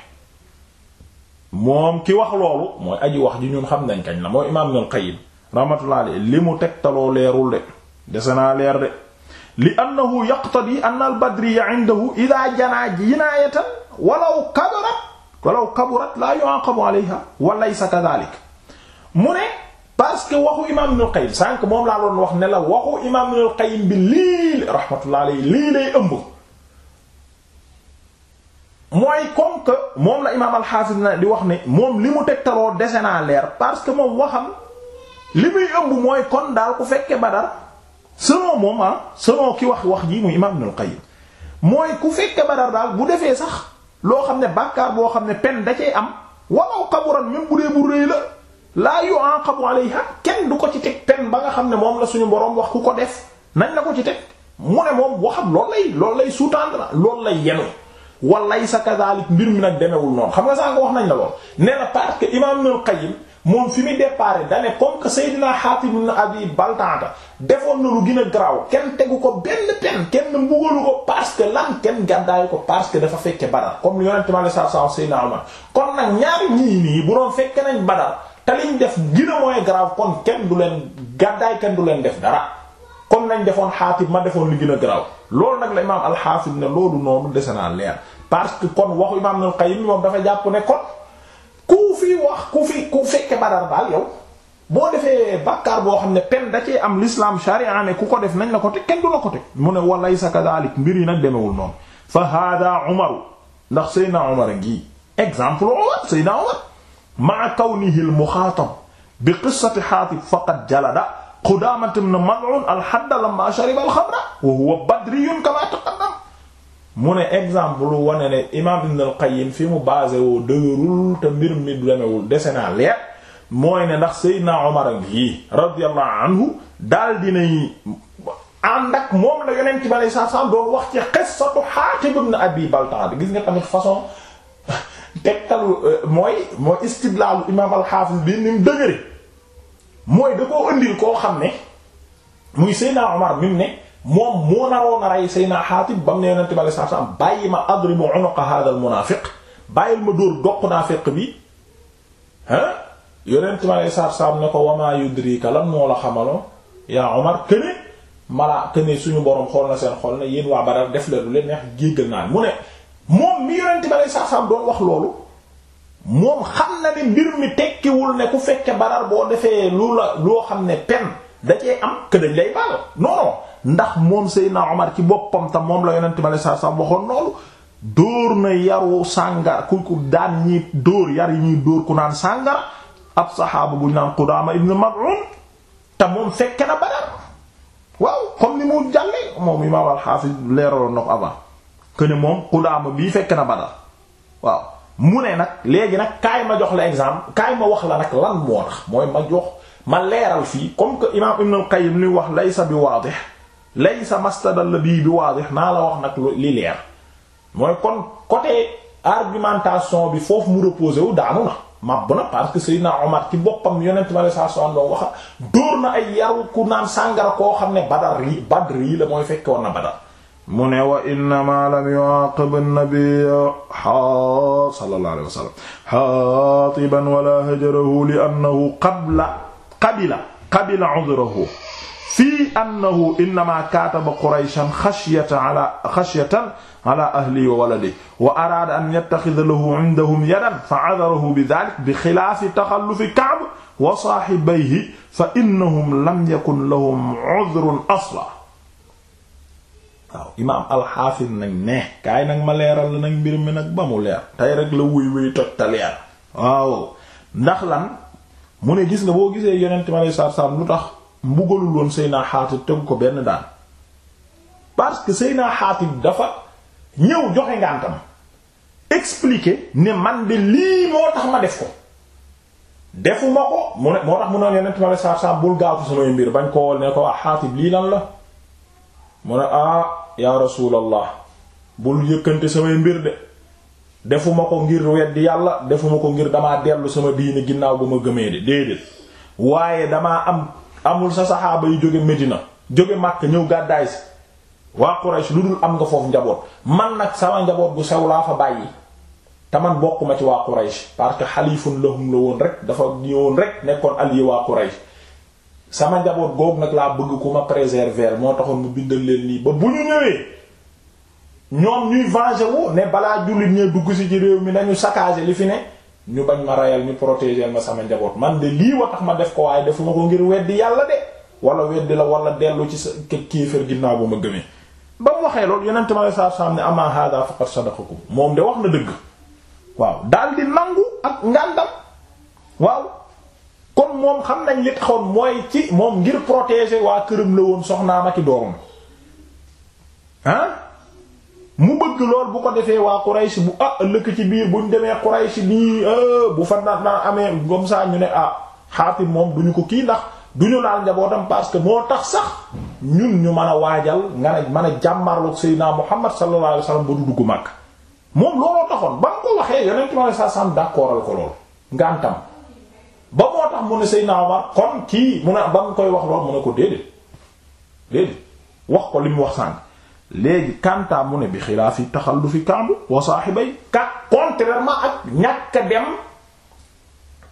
moom ki wax loolu mooy aji wax ji ñun xam nañ kañ la mooy imaam Ibnul Qayyim rahmatullah alayhi li mu tegtaloo leerul de dese naa leer de li annahu yaqtadi anna al badriya indahu ida janaa jinaayatan walaw kabarat walaw kaburat laa yu'aqabu alayha wa laysa kadhalik mu ne parce que waxu imaam Ibnul Qayyim sànq moom laa doon wax ne la waxu imaam Ibnul Qayyim bi lii rahmatullah alayhi lii lay ëmb mooy comme que moom la imaam alxaasim na di wax ne moom li mu tegtaloo dese naa leer parce que moom waxam li muy ëmb mooy kon daal ku fekke badar selon moom ah selon ki wax wax ji muy imaam Ibnul Qayyim mooy ku fekke badar daal bu defee sax loo xam ne bàkkaar boo xam ne pen da cee am walaw kaburan même bu dee bu rëy la laa yu'aqabu alayha kenn du ko ci teg pen ba nga xam ne moom la suñu boroom wax ku ko def nañ la ko ci teg mu ne moom waxam lool lay loolu lay sous-tendre lay yenu walay sa kadalik mbir mi nag demewul noonu xam nga sànga wax nañ la lool nee na parce que imam Ibn al-Qayyim moom fi mu départ dane comme que Seydina Hatim ibn Abi Baltata defoon nu lu gina a kenn tegu ko benn pen kenn mbugalu ko parce que lan kenn gàddaayu ko parce que dafa fekke Badar comme yonente mi alei sat selaam kon nag ñaari ñii nii bu doon fekke nañ Badar te liñ def gën a kon kenn du leen gàddaay kenn du leen def dara comme nañ defoon Hatim ma defoon lu gën a garaaw loolu nag la imaam al-Hafiz ne loolu noonu dese naa leer parce que kon waxu imaam Ibnul Qayyim moom dafa jàpp ne kon ku fi wax ku fi ku fekke badar daal yow boo defee bàkkaar boo xam ne pen da am l'islam sharia ne ku ko def nañ la ko teg kenn du la mu ne walaysa kadalik mbir yi nag demewul noonu fa hada umaru ndax Seydina Umar ngi exemple Umar Seydina Umar maa kawnihi al muxaatab bi qissati Haatib faqad jalada Qudaamata ibn Mad'un al hadda lamma shariba al xamra wa huwa badriyun kama taqaddam mu ne exemple lu wane ne imaam Ibn al-Qayyim fi mu basé woo dëgërul te mbir mi demewul dese naa leer mooy ne ndax Seydina Omar ak yii radiyallahu anhu daal dinay ànd ak moom la yonent ci saa saa doon wax ci qissatu Haatib ibn Abi Baltaa gis nga tamit façon tegtalu euh, mooy mooy istidlaalu imaam al-Haafiz ni mu dëgëre mooy da koo indil koo xam ne muy Seydina Omar mi ne moom moo naroon a rey Seydina Xaatib ba mu ne yonent bi sallallahu alayhi bàyyi ma adribu unuqa hadha al munaafiq bàyyil ma dóor doq naafiq bi ah yonent bi sallallahu alayhi ne ko wa maa yudrika lan moo la xamaloon yaa Umar këne malaa këne suñu borom xool na seen xol ne yéen waa Badar def la lu leen neex jéggal naa mu ne moom mi yonent bi sallallahu alayhi doon wax loolu moom xam na ne mbir mi tekkiwul ne ku fekke Badar boo defee lu la loo xam ne pen da am que ndax moom Seydina Omar ci boppam tam moom la yonent bi alei satu selaam waxoon loolu dóor yar yi ñuy dóor ku naan sàngar ab bu ñu naan Qudaama ibn Mad'un te moom fekke na moom imaam al-Hafiz leeraloon na ko ne na léegi nag kaay ma jox la exemple kaay ma wax la ma leeral fii comme que imaam Ibn al-Qayyim wax laysa bi waadih laysa mastadalla bii bi waadix naa la wax nag li leer mooy kon côté argumentation bi foofu mu reposé wu daanu na màbb na parce que Seydina Omar ci boppam yonent ma la saa soxna doon wax dóor na ay yaru ku naan sàngara koo xam ne badar yi badr yi la mooy fekke woon na badar mu ne wa innama lam yuaqib an-nabiy sallallahu alayhi wa sallam xaatiban wala hajarahu li annahu qabla qabila qabila udhrahu fii annahu innama kaataba qurayshan xashyatan ala xashyatan ala ahlihi wa waladihi wa araada an yattaxida lahu indahum yadan fa adarahu bi dalik bi xilaafi taxallufi Ka'b wa saahibayhi fa innahum lam yakun lahum udrun asla waaw imaam alxaafis nag ne kaay nag ma leeral la nag mbir mi nag ba mu leer tey rek la wuy wuy toj ta leer waaw ndax lan mu ne gis nga boo gisee yonent mi alayhi salaatu salaam lu tax mbugalul woon naa Xaatib tegu ko benn daan parce que naa Xaatib dafa ñëw joxe ngàntam expliquer ne man de lii moo tax ma def ko defuma ko mu ne moo tax mu ne yonent ma la saar saar bul gaawtu samay mbir bañ ko wol ne ko waa ah, Xaatib lii lan la mu ne ah yaa rasuulallah bul yëkkante samay mbir de defuma ko ngir weddi yàlla defuma ko ngir damaa dellu sama diini ginnaaw ba ma gëmee de déedéet waaye damaa am amul sa saxaaba yu jóge médina jóge Makka ñëw gàddaay si waa Quraysh lu dul am nga foofu njaboot man nag sama njaboot gu sew laa fa bàyyi te man bokkuma ci waa Quraysh parce que xalifun lahum la woon rek dafa ñëwoon rek nekkoon allié waa Quraysh sama njaboot googu nag laa bëgg ku ma préserver moo taxoon mu bindal leen lii ba bu ñu ñëwee ñoom ñuy venger wu ne balaa jullit ñee dugg si ci réew mi nañu saccager li fi ne ñu bañ ma rayal ñu protéger ma sama njaboot man de lii wa tax ma def ko waaye ma ko ngir weddi yàlla de wala weddi la wala dellu ci sa kéefër ginnaaw bu ma gëmee ba mu waxee loolu yonente ma saa saam ne ama hada faqad sadaqakum moom de wax na dëgg waaw daal di nangu ak ngàndam waaw kon moom xam nañ li taxoon mooy ci moom ngir protéger waa këram la woon soxnaam ak i doomam mu bëgg lool bu ko defee waa Quraysh bu ah lëkk ci biir bu ñu demee Quraysh nii euh, bu fa naan amee comme ça ñu ne ah Xaatim moom duñu ko kii ndax ñu laal njabootam parce que moo tax sax ñun ñu mën a waajal nga ne mën a jàmmarloog Seydina Muhammad sallallahu alayhi wasallam ba du dugg Makka moom looloo taxoon ba nga ko waxee Yonent bi sallallahu alayhi wasallam d'accordal ko lool ngantam ba moo tax mu ne Seydina Omar kon kii mu ne ba nga koy wax lool mu ne ko déedéet déedéet ko li mu wax sànq. léegi kanta mu ne bi xilaaf yi taxal fi kambu wa saaxibay ka contrairement ak ñàkk dem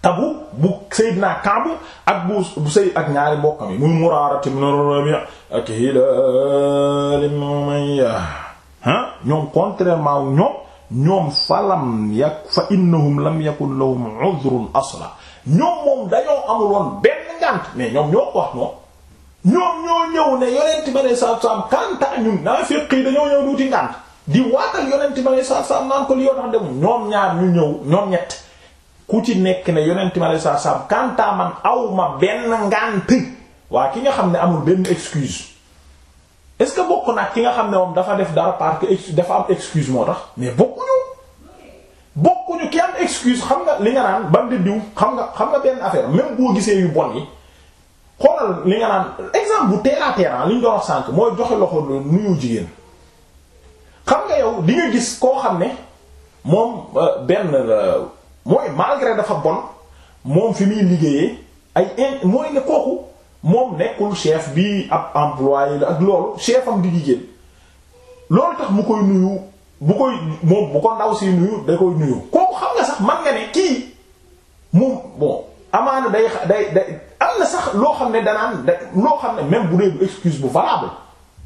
tabu bu Seydina kambu ak bu bu sëy ak ñaari mbokkam yi muy Muraarata ibn Rabi' ak Hilaal ibn Umayya ah ñoom contrairement ñoom ñoom fa lam yak lahum udhrun asla ñoom moom dañoo amuloon benn ngànt wax noonu ñoom ñoo ñëw ne yonent bi aleyhi salaatu salaam kanta ñun naafiq yi dañoo ñëw duuti ngànt di waatal yonent bi aleyhi salaatu salaam naan ko li yoo dem ñoom ñaar ñu ñëw ñoom ñett ku ci nekk ne yonent bi aleyhi salaatu salaam kanta man awma benn ngànt waa ki nga xam ne amul benn excuse est-ce que bokk nag ki nga xam ne moom dafa def dara parce que dafa am excuse moo tax mais bokkuñu bokkuñu ki am excuse xam nga li nga naan bandi diw xam nga xam nga benn affaire même boo gisee yu bon yi xoolal li nga naan exemple bu terre à terre ah doon wax sànq mooy joxe loxo nuyu jigéen xam nga yow di nga gis koo xam ne moom euh, benn euh, mooy malgré dafa bon moom fi muy liggéeyee ay in mooy ne kooku moom nekkul chef bi ab employé la ak loolu chef am di jigéen loolu tax mu koy nuyu bu koy moom bu ko ndaw si nuyu da koy nuyu kooku xam nga sax man nga ne kii moom bon amaana day day. am loo xam ne danaan loo xam ne même bu dee du excuse bu valable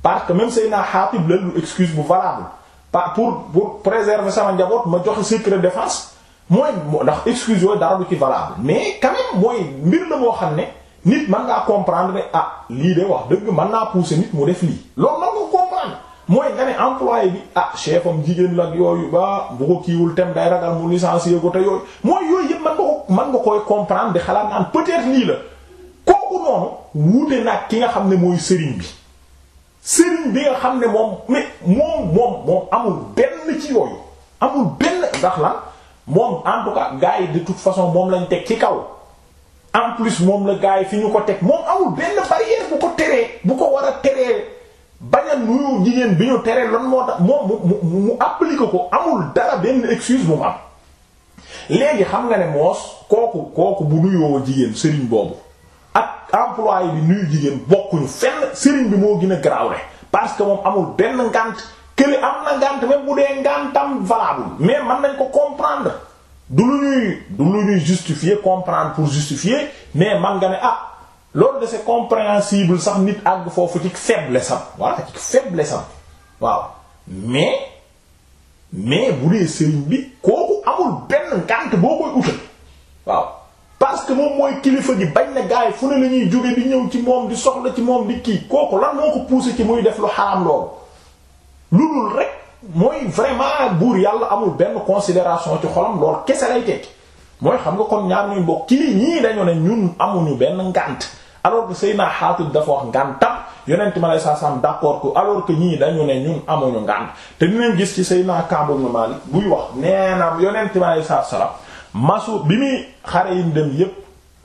parce que même Seydina naa la du excuse bu valable pas pour pour préserver sama njaboot ma joxe secret défense mooy ndax excuse yooyu dara du ci valable mais quand même mooy mbir la moo xam ne nit mën ngaa comprendre ne ah lii de wax dëgg man naa pousser nit mu def lii loolu man nga comprendre mooy nga ne employé bi ah chefam jigéen la ak yooyu ba bu ko kiiwul tem day ragal ko te yooyu mooy yooyu yëpp mën nga nga koy comprendre di xalaat naan peut la kooku noonu wuute nag ki nga xam ne mooy sëriñ bi sëriñ bi nga xam ne moom mais moom moom amul benn ci yooyu amul benn ndax la moom en tout cas gars yi de toute façon moom lañ teg ci kaw en plus moom la gars yi fi ñu ko teg moom amul benn barrière bu ko teree bu ko war a teree bañ nuyu jigéen bi ñu teree lan moo tax moom mu mu appliqué ko amul dara benn excuse bu mu am léegi xam nga ne moos kooku kooku bu nuyoo jigéen sëriñ boobu ak employé bi nuy jigéen bokkuñu fenn sëriñ bi moo gën a garaaw rek parce que moom amul benn ngant kële am na ngant même bu dee ngantam valable mais man nañ ko comprendre du lu ñuy du lu ñuy justifier comprendre pour justifier mais man nga ne ah loolu de c'est compréhensible sax nit àgg foofu ci faiblesse am voilà ci faiblesse am waaw mais mais bu dee sëriñ bi kooku amul benn ngant boo koy utal waaw parce que moom mooy kilifa gi bañ na gaay fu ne nañuy ñuy jóge di ñëw ci moom di soxla ci moom di kii kooku lan moo ko poussé ci muy def lu xaraam loolu loolul rek mooy vraiment buur yàlla amul benn considération ci xolam lool kese lay tekki mooy xam nga kon ñaar ñuy bokk ci li ñii dañoo ne ñun amuñu benn ngànt alors que Seydina Xaatib dafa wax ngàntam yonent ma lay sàssam d'accord que alors que ñii dañu ne ñun amuñu ngànt te dinañ gis ci Seydina Kaab ibn Maalik buy wax nee na yonent ma lay sàssam masu bi muy xare yi dem yépp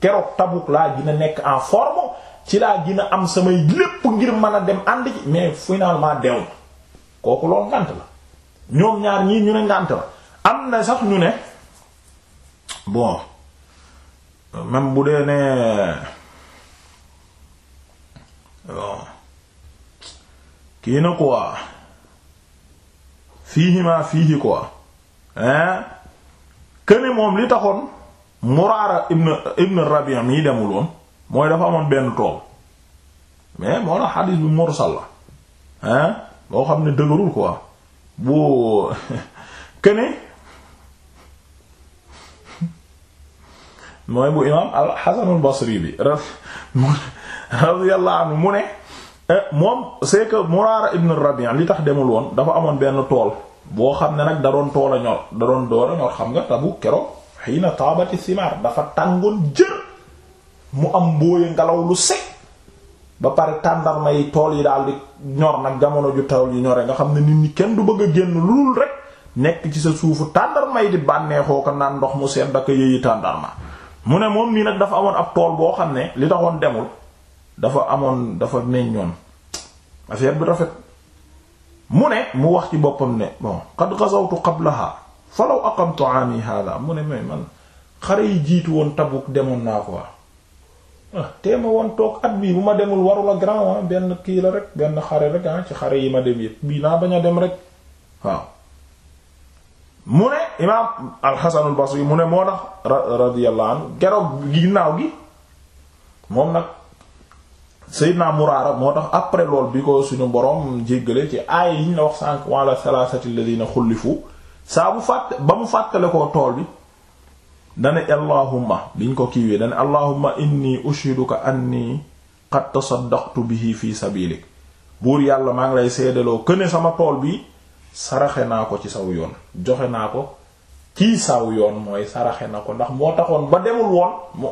keroog Tabuk laa gën a nekk en forme ci laa gën a am samay lépp ngir mën a dem ànd ci mais finalement deew na kooku loolu ngànt la ñoom ñaar ñii ñu ne ngànt la am na sax ñu ne bon même bu dee ne bon kii na quoi fiihi ma fiihi quoi hein këne moom li taxoon Muraara ibn ibn mii demul woon mooy dafa amoon benn tool mais moo la xadiis loo xam ne dëgërul quoi boo këne <laughs> mooy bu imaam al Hasanul Basri bi radiyallahu anhu mu ne eh, moom c'est que Muraara ibn Rabi' li tax demul woon dafa amoon benn tool boo xam ne nag da doon tool a ñor da doon door a ñor xam nga tabu keroog xëy na taabati simaar dafa tàngoon jër mu am mbooye ngelaw lu sec ba pare tàndarma yi tool yi daal di ñor nag jamono ju taw yi ñore nga xam ne nit ñi kenn du bëgg a génn lu lul rek nekk ci sa suufu tàndarma yi di bànneexoo ko naan ndox mu sedd ak yëyi tàndarma mu ne moom nii nag dafa amoon ab tool boo xam ne li taxoon demul dafa amoon dafa meññoon affaire bi rafet mu ne mu wax ci boppam ne bon qad ghazawtu qablaha falaw aqamtu aami hada mu ne yi jiitu woon Tabuk demoon naa ko ah te ma toog at bii bu ma demul warula grand ah benn kii la rek benn xare rek ah ci xare yi ma dem yëpp bii naa bañ a dem rek waaw. mu ne imaam al-Hasan mu ne moo tax radiyallahu anhu geroog ginnaaw gi moom nag. Seydina Muraara moo tax après lool bi ko suñu borom jéggale ci aay yi ñu la wax sànq wala salaasati na xullifu saa bu fàtt ba mu fàttale koo tool bi dane allahumma diñ ko kiiwee dane allahumma inni ushiduka anni qad tasaddaqtu bihi fi sabilik buur yàlla maa ngi lay seedaloo këne sama tool bi saraxe naa ko ci saw yoon joxe naa ko ci saw yoon mooy saraxe na ko ndax moo taxoon ba demul woon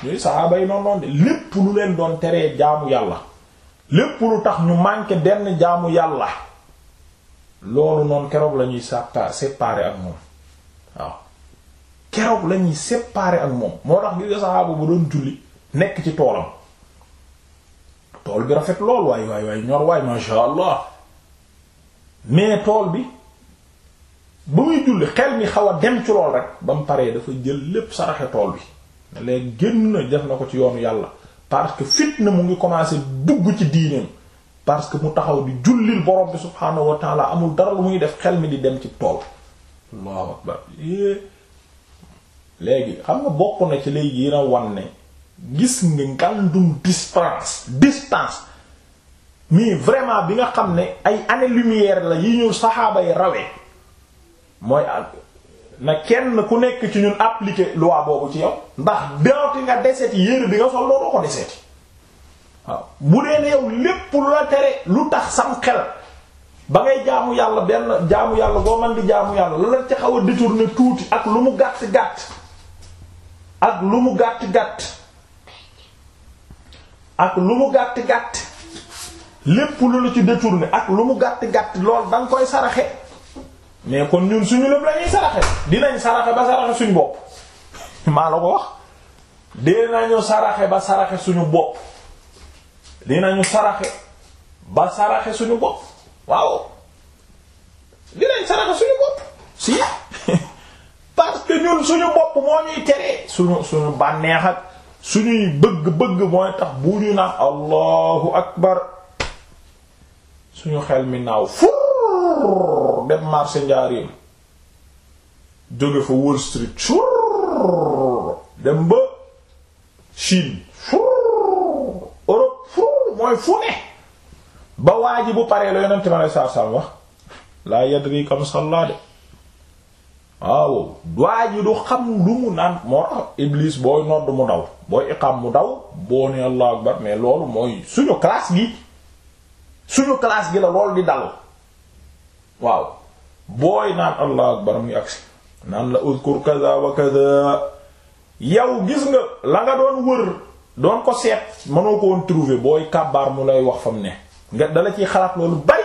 ñuy saxaaba yi noonu noonu de lépp lu leen doon teree jaamu yàlla lépp lu tax ñu manqué benn jaamu yàlla loolu noonu keroog la ñuy sàppa séparé ak moom waaw keroog la ñuy séparé ak moom moo tax gis nga saxaaba bu doon julli nekk ci toolam tool bi rafet lool waay waay waay ñor waay masha allah mais tool bi ba muy julli xel mi xawa dem ci lool rek ba mu paree dafa jël lépp saraxe tool bi léegi génn na def na ko ci yoonu yàlla parce que na mu ngi commencé dugg ci diineem parce que mu taxaw di jullil borom bi subhaanahu amul dara lu muy def xel mi di dem ci tool allahu akbar eh. léegi xam nga bokk na ci léegi yina wan ne gis nga ngàndum distance distance mais vraiment bi nga xam ne ay années lumière la yi ñu saxaaba yi rawee mooy ak na kenn ku nekk ci ñun appliquer loi boobu ci yow ndax dooti nga deseeti yére bi nga sol doo ko deseeti waaw bu dee ne yow lépp lu la tere lu tax sam xel ba ngay jaamu yàlla benn jaamu yàlla boo man di jaamu yàlla la la ci xaw a détourner tuuti ak lu mu gàtt gàtt ak lu mu gàtt gàtt ak lu mu gàtt gàtt lépp lu la ci détourner ak lu mu gàtt gàtt lool danga koy saraxe mais kon ñun suñu lépp la ñuy saraxe dinañ saraxe ba saraxe suñu bopp <laughs> maa la ko wax dinañu saraxe ba saraxe suñu bopp dinañu saraxe ba saraxe suñu bopp waaw dinañ saraxe suñu bopp si <laughs> parce que ñun suñu bopp moo ñuy teree suñu suñu suñuy bëgg-bëgg mooy tax bu ñu naan allahu akbar suñu xel mi naaw fur York dem marché njaarim jóge fa Wall Street sur dem ba Chine sur Europe sur mooy fu ba waa ji bu paree la yonent ma lay saar-sam wax laa yadri kam salla de waaw waa ji du xam lu mu naan moo tax Iblis booy nodd mu daw booy iqam mu daw boo ne Allahu akbar mais loolu mooy suñu classe gi suñu classe gi la loolu di dalu waaw booy naan allah akbar muy agsi naan la uzkur kaza wa kaza yow gis nga la nga doon wër doon ko seet mënoo ko woon trouver booy kàbbaar mu lay wax fam ne nga dala ciy xalaat loolu bari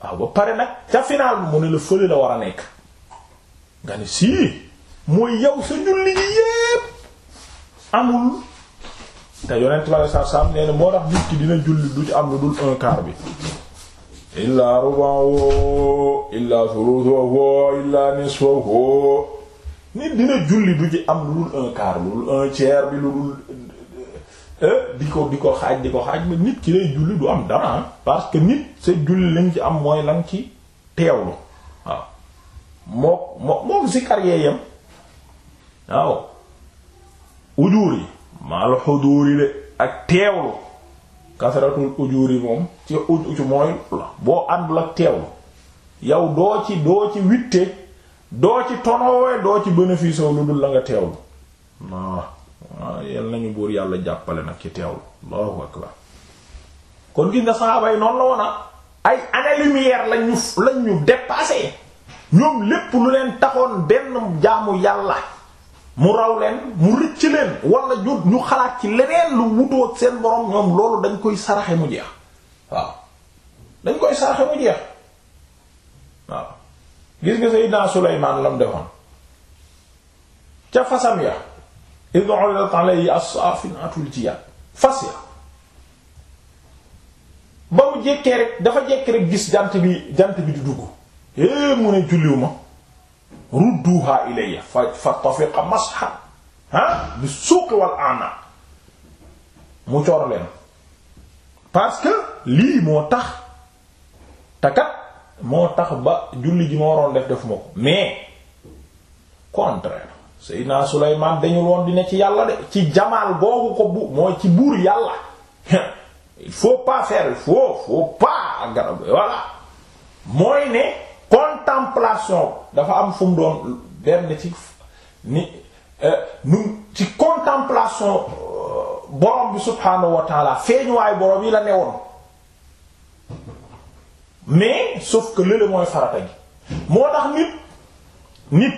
waaw ba pare nag ca final bi mu ne la fële la war a nekk nga ne sii mooy yow sa julli yi yépp amul te yonent bi sallallahu alayhi wasallam nee moo tax nit dina julli du ci am lu dul un bi illaa rubahu illaa thuluthuhu illaa nisfuhu nit dina julli du ci am lu dul un quart lu dul un tiers bi lu dul eh, di ko di ko xaaj di ko xaaj ba nit ki lay julli du am dara ah. parce que nit sa julli lañ ci am mooy lañ ci teewlu waaw mook mook mook zikar yeeyam waaw ujuur yi mal xuduur yi de ak teewlu kasaratul ujuri moom ci uj mooy la boo àndul ak teewlu yow doo ci doo ci witte doo ci tonowe doo ci bénéfice lu dul la nga teewlu waaw waaw yal nañu buur yàlla jàppale nag ci teewlu allahu akbar kon gis nga saxaaba yi noonu la woon ay année lumière lañu lañu dépassé ñoom lépp lu leen taxoon benn jaamu yàlla mu raw leen mu rëcc leen wala ñu ñu xalaat ci leneen lu wutoot seen borom ñoom loolu dañ koy saraxe mu jeex waaw dañ koy saraxe mu jeex waaw gis nga Seydina Sulaymaan lam defoon ca fasam ya id uridat alayhi as-saafinatul jiyaad fas ya ba mu jekkee rek dafa jekki rek gis jant bi jant bi di dugg é mu ne julliw ma rudduha ilayya fa fa tafiqa mashan ah bi suuq wal mu coor parce que lii moo tax takat moo tax ba julli ji ma waroon def defuma ko mais contraire Seydina Sulaymaan dañul woon dina ci yàlla de ci jamaal googu ko bu mooy ci buur yàlla il faut pas faire il faut garab voilà mooy ne contemplation dafa am fu mu doon benn ci ni euh, nu ci contemplation euh, borom bi subhaanahu wa taala feeñuwaay yi la newoon mais sauf que lële mooy farata gi moo tax nit nit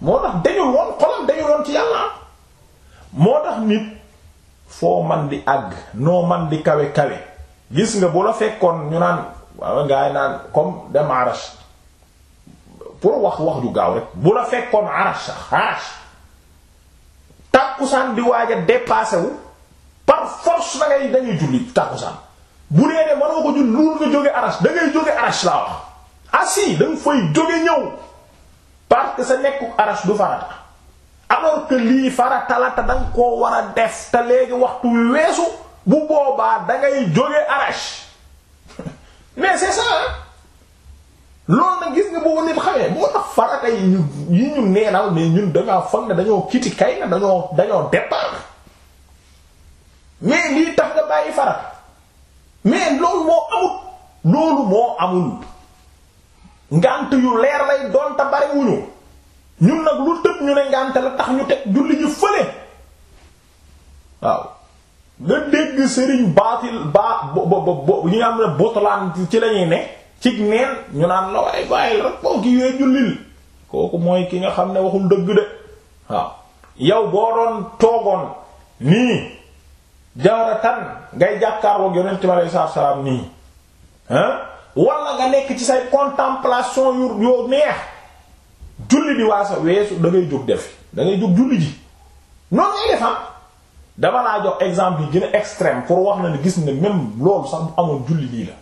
moo tax dañul woon xolam dañul woon ci yàlla moo tax nit foo man di àgg noo man di kawe kawe gis nga bu la fekkoon ñu naan waaw ngaay naan comme démarrage pour wax wax du gaaw rek bu la fekkoon arash sax arash tàkkusaan di waaj a par force da ngay julli tàkkusaan bu nee ne mënoo ko jul loolu nga jóge arash da ngay jóge arash laa wax assi ah da nga fay jóge ñëw parce que sa nekku arash du farata alors que lii farata la te da war a def te léegi waxtu weesu bu boobaa dangay ngay jóge arash <laughs> mais c'est lool nag gis nga boobu nit xamee moo tax farata yi ñu neenal mais ñun dangaa foog ne dañoo kiti kay na dañoo dañoo départ mais lii tax nga bàyyi farata mais loolu moo amul loolu moo amul ngant yu leer lay doon te ñun nag lu tëb ñu ne ngant la tax ñu teg julli ñu fële waaw nga dégg sëriñ baatil ba bo bo bo ñi nga xam ne botlaan ci lañuy ne cig neen ñu naan la waaye bàyyil rek boo ki wee jullil kooku mooy ki nga xam ne waxul dëgg de waaw yow boo doon toogoon nii jaaratan ngay jàkkaarloog yonent bi aleyhi salaatu salaam nii nekk ci say contemplation yu yoo neex julli di waa sa weesu da ngay jóg def da jóg julli ji noonu ngay defam dama laa jox exemple yi gën a extrême pour wax na ni gis ne même loolu sax bu amoon julli lii la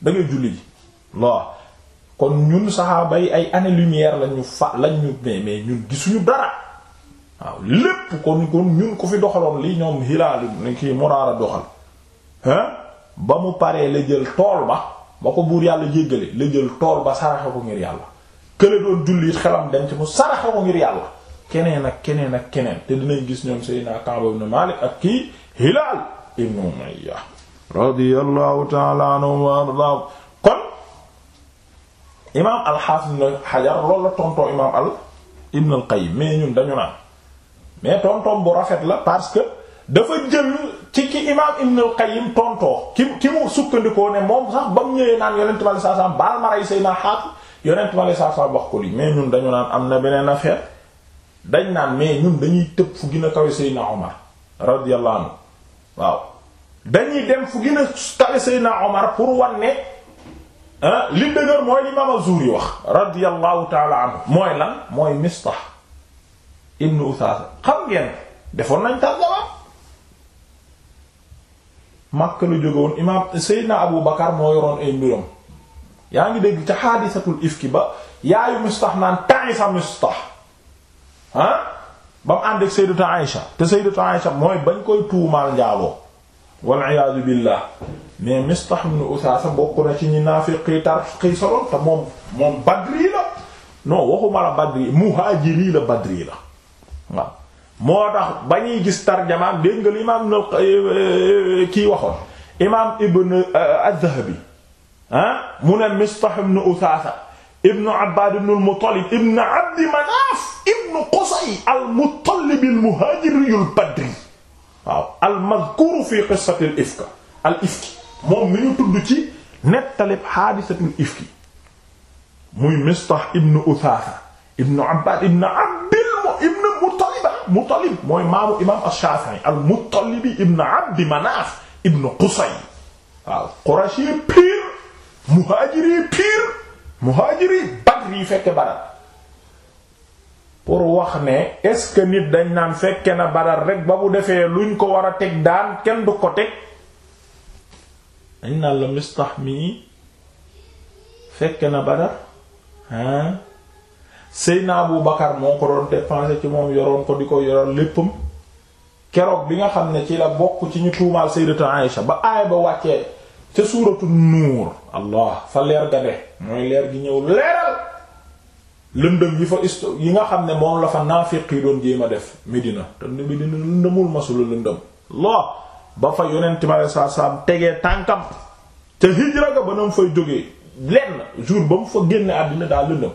da julli ji loo kon ñun saxaaba yi ay année lumière lañu fa lañu mais mais ñun gisuñu dara waaw lépp kon kon ñun ku fi doxaloon li ñoom Hilaal ni kii Muraara doxal hein ba mu paree la jël tool ba ba ko buur yàlla jéggale la jël tool ba saraxe ko ngir yàlla kële doon jullit xelam dem ci mu saraxe ko ngir yàlla keneen ak keneen ak keneen te dinañ gis ñoom Seydina Kaab ibn Maalik ak kii Hilaal ibn Umayya radiyallahu ta'ala anhu wa ardaahu imaam alxaafis na xajar loolu tontoo imaam al ibn al qayyim mais ñun dañu naan mais tontoom bu rafet la parce que dafa jël ci ki imaam ibn al qayyim tontoo ki ki mu sukkandikoo ne moom sax ba mu ñëwee naan yonent ma la saa saa baal naa xaatu yonent ma la saa ko lii mais ñun dañu naan am na beneen affaire dañ naan mais ñun dañuy tëb fu gën a kawe Seydina Omar radiyallahu anhu waaw dañuy dem fu gën a kawe Seydina Omar pour wan li dëgër mooy li Imaam Zuhri wax radiyallahu taala anhu mooy lan mooy Mistah ibnu Uthaasa xam ngeen defoon nañ tarjama Makka lu imaam Seydina Abu Bakar moo yoroon ay mbiram yaa ngi dégg ca xaadisatul ifki ba yaayu Mistah naan ta'isa Mistah ah ba mu ànd ak Sayyidatu Aïsha te Sayyidatu Aïsha mooy bañ koy tuumaal njaaloo wal iyaadu billah mais Mistah ibn Uthatha bokk na ci ñi naafiqi tarqiy soloon te moom moom badri la non waxuma la badri muhaajiri la badri la waaw moo tax ba ñuy gis tarjamaam dégg nga li imaam na eh, eh, kii waxoon imaam ibn eh, az-Zahabi ah mu ne Mistah ibn Uthatha ibn Abbad ibn al-Muttalib ibn Abd Manaf ibn Qusay al-Muttalib al-muhaajiri al-badri waaw al-madhkur fi qissati al-ifk al-ifk moom mi ñu tudd ci nettalib xaadisatul ifki muy Mistah ibn Uthatha ibn Abbad ibn Abdil ibn Muttalib Muttalib mooy maamu imaam ash Qusay waaw Qurashi pire muhaajiri pire muhaajiri Badr fekke Badar pour wax ne est-ce que nit dañ naan fekke na Badar rek ba bu defee luñ ko war a teg daan kenn du ko teg. dañ naa la mistax mii fekk na badar ah Seyna Abu Bakar moo ko doon dépensé ci moom yoroon ko di ko yoroon léppam keroog bi nga xam ne ci la bokk ci ñu tuumaal Sayyidatu Aïsha ba aay ba wàccee ca suuratu nuur allah fa leer ga mooy leer gi ñëw leeral lëndëm yi fa isto yi nga xam ne moom la fa naafiq yi doon jéem def Medina te Medina lëndëmul masula lëndëm allah ba fa yonent ma saa saam tegee tànkam te hijra ga ba na mu fay jógee lenn jour ba mu fa génne àddina daa lëndëm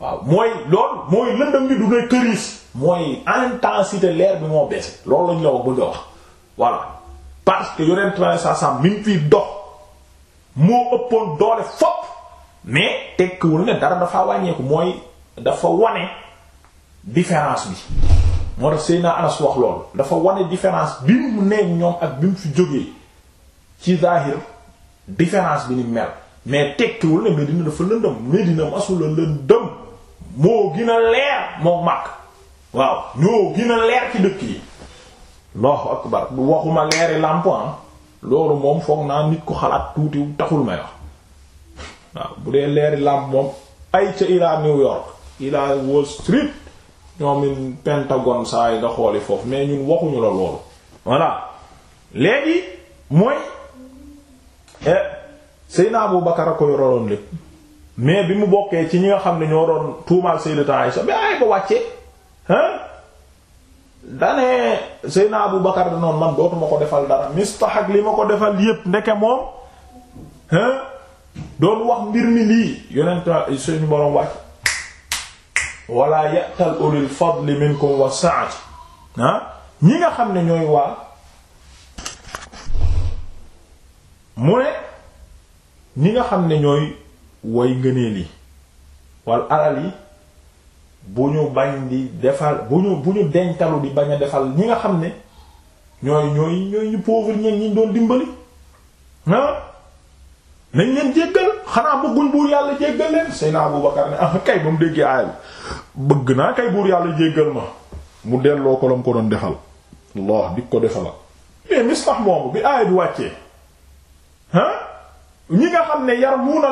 waaw mooy loolu mooy lëndëm bi du ne këriis mooy intensité leer bi moo bees loolu lañ la wax bëgg a wax voilà parce que yonent ma saa saam mi ngi dox moo ëppoon doole fopp mais tekkiwul ne dara dafa wàññeeku mooy dafa wane différence bi moo tax Seydina Anas wax loolu dafa wane différence bi mu neeg ñoom ak bi mu fi jógee ci zahir différence bi ni mel mais tekkiwul ne Medina dafa lëndëm Medina masula lëndëm moo gën leer moo màkk waaw ñoo gën leer ci dëkk yi Allahu akbar bu waxuma leeri lampan ah. loolu moom foog naa nit ko xalaat tuuti taxul may wax waaw bu dee leeri làmp moom ay ca ilaa New York ilaa Wall Street ñoomin Pentagone saa yi nga xooli foofu mais ñun waxuñu la loolu voilà léegi mooy eh, Seydina Abu Bakar a ko yoroloon lépp mais bi mu bokkee ci ñi nga xam ne ñoo doon tuumaal Sayyidatu Aisha bi ay ko wàcce hein dane Seydina Abu Bakar danoon man dootuma ko defal dara mistahak li ma ko defal yépp ndeke moom hein doon wax mbir mi lii yonent suñu borom wàcc wala ya'tal ulul fadli minkum wa sa'ati ñi nga xam ne ñooy waa mu ne ñi nga xam ne ñooy way ngëneel yi wal alal yi bu ñu bañ di defal bu ñu bu ñu dencalu di bañ a defal ñi nga xam ne ñooy ñooy ñooy ñu pauvre ñeen ñi doon dimbali nañ leen jéggal xanaa bëgguñ buur yàlla jéggal leen Seydina Abu Bakar ne ah kay ba mu déggee aaya bëgg naa kay buur yàlla jéggal ma mu delloo ko la mu ko doon defal Allah di ko defal mais bi bi wàccee ah, ñi nga xam ne yarmuuna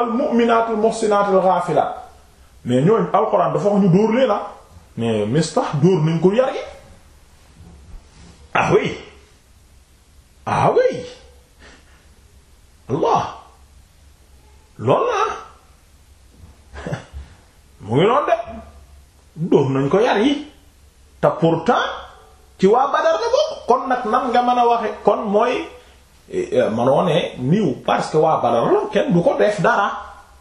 al mu'minaat al muhsinaat al ghafilaat mais ñu dóor leen ah mais mislax dóor nañ ko yar gi ah oui ah Allah lool la mu ngi noonu de dóor nañ ko yar yi te pourtant ci waa Badar la bokk kon nag nan nga mën a waxe kon mooy eh, eh, manoo ne niiw parce que waa Badar la kenn du ko def dara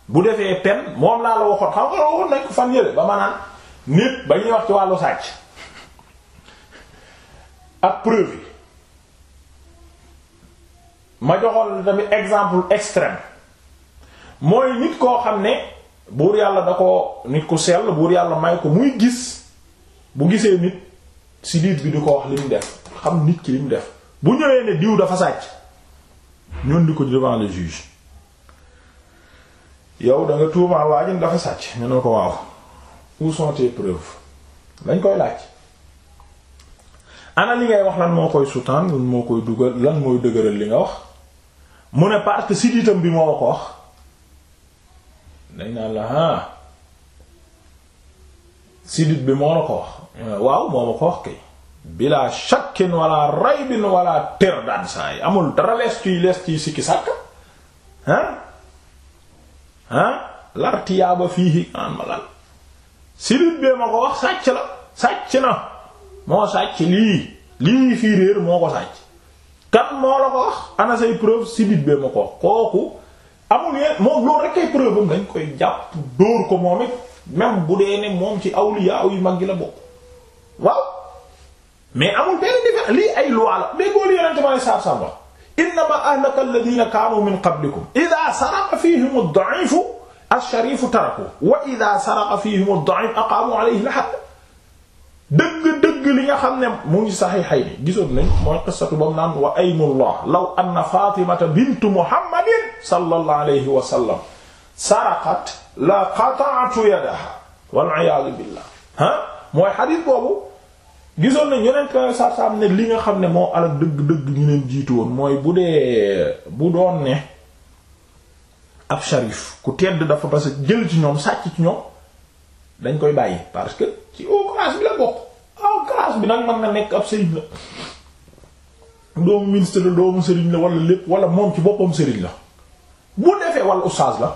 bu defee pen moom laa la waxoon xam nga la waxoon nañ ko fan yële ba ma naan nit ba ñuy wax ci wàllu sàcc ak preuve yi ma joxoon tamit exemple extrême mooy nit koo xam ne buur yàlla da ko nit ku sell buur yàlla may ko muy gis bu gisee nit si diit bi di ko wax li mu def xam nit ki li def bu ñëwee ne diw dafa sàcc ñun di ko devant le juge yow da nga tuumaal waa ji dafa sàcc ñu ne ko waaw où sont tes preuves dañ koy laaj ana li ngay wax lan moo koy sutaan lan moo koy dugal lan mooy dëgëral li nga wax mu ne parce que si diitam bi moo ko wax dañ naan la ah sidit bi moo la ko wax waaw moo ma ko wax kay bila shakkin wala raybin wala terdaan saa yi amul dara lees ciy lees ciy sikki sàkk ah ah lartiyaaba fiihi an ma lan sidit bee ma ko wax sàcc la sàcc na moo sàcc lii lii fii réer moo ko sàcc kan moo la ko wax ana say preuve sidit bee ma ko wax kooku amul yéen moom loolu rek ay preuve am dañ koy jàpp dóor ko moom it même bu dee ne moom ci awliya yu mag yi la bokk waaw mais amul benn différence lii ay loi la mais góor yonente ma ne saab-saab wax innama ahlaka alladhina kaanu min qablikum idha saraqa fihim ad-da'ifu ash-sharifu taraku wa idha saraqa fihim ad-da'if aqamu alayhi al-hadd dëgg-dëgg li nga xam ne mu ngi saxiixay ni gisoon nañ mooy qissatu bam naan wa aymullah law anna fatimata bintu muhammadin sallallahu alayhi wa sallam saraqat la qata'tu yadaha wal iyaadu billah ha mooy xadiis boobu gisoon nañ yeneen kay sarsam ne li nga xam ne moo alal dëgg-dëgg ñu leen jiitu woon mooy bu dee bu doon ne ab sharif ku tedd dafa parce que jël ci ñoom sàcc ci ñoom dañ koy bàyyi parce que ci au classe bi la bokk place bi nag mën na nekk ab sëriñ la doomu ministre la doomu sëriñ la wala lépp wala moom ci boppam sëriñ la bu defee wala oustaz la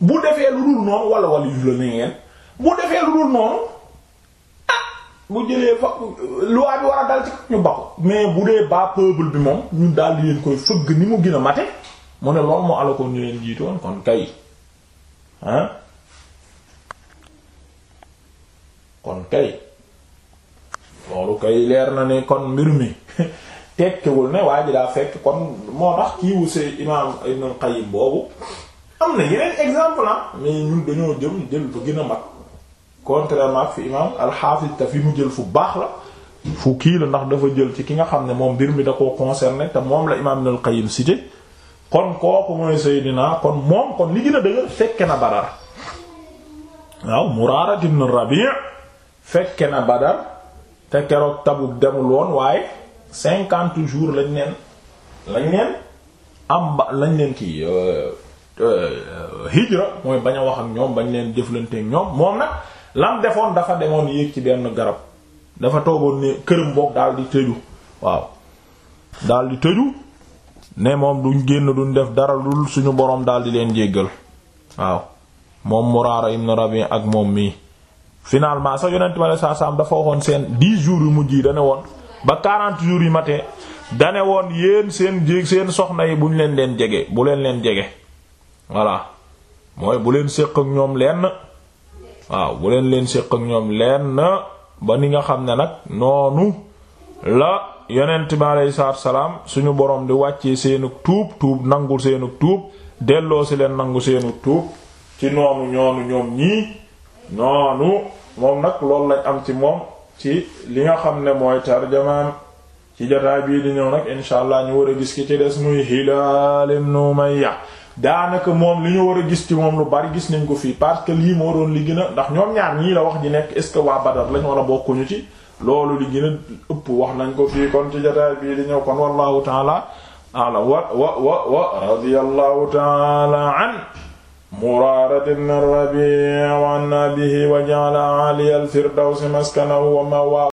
bu defee lu dul noonu wala wala yu la ne ngeen bu defee lu dul noonu ah, bu jëlee fa loi bi war dal ci ñu ba ko mais bu dee baa peuple bi moom ñu daal leen koy fëgg ni mu gën a mate mu ne loolu moo ala ko ñu leen jiitoon kon kay ah kon kay loolu kay leer na ne kon mbir mi <laughs> tekkiwul ne waa ji daa fekk kon moo tax kiiwu see imaam Ibnul Qayyim am na yeneen exemple ah mais ñun dañoo jëm te fi mu jël fu baax la fu kii la ndax dafa jël ci ki nga xam ne moom mbir mi da koo concerné te moom la imaam Ibnul Qayyim cité kon kooku mooy Seydina kon moom kon li gën a dëgër fekke na Badar waaw Muraara ibn Rabi' fekke na Badar te keroog Tabuk demul waaye cinquante jours lañ leen lañ leen am ba lañ leen kii euh, euh, hijra mooy bañ a wax ak ñoom bañ leen jëflanteeg ñoom moom nag lam defoon dafa demoon yéeg ci benn garab dafa toogoon ne këram boog daal di tëju waaw daal tëju ne moom du génn duñ def dara lu suñu boroom daal di leen jéggal waaw moom Muraara ibn Rabi ak moom mii finalement sax yonent ma ne saa saam dafa waxoon seen 10 jours yu mujj yi dane woon ba 40 jours yi matee dane woon yéen seen jéeg seen soxna yi bu ñu leen leen jege bu leen leen jege voilà mooy bu leen séq ak ñoom lenn waaw bu leen leen séq ak ñoom lenn ba ni nga xam ne nag noonu la yonent bi aleyhi salaatu salaam suñu borom di wàccee seenu tuub tuub nangu seenu tuub delloo si leen nangu seenu tuub ci noonu ñoonu ñoom ñii noonu moom nag loolu lañ am ci moom ci li nga xam ne mooy tarjamaam ci jotaay bii di ñëw nag insha allah ñu war a gis ki ci des muy Hilaal ibn Umayya daanaka moom li ñu war a gis ci moom lu bari gis nañ ko fii parce que lii moo doon li gën a ndax ñoom ñaar ñii la wax ji nekk est-ce que waa Badar lañ war a bokkuñu ci loolu li gën a ëpp wax nañ ko fii kon ci jotaay bii di ñëw kon wallahu taala alam wa wa wa wa radiyallahu taala an Muraara ibn Rabii' wa an abiihi wa ja'ala a'aaliya al-firdawsi maskanahu wa ma'waahu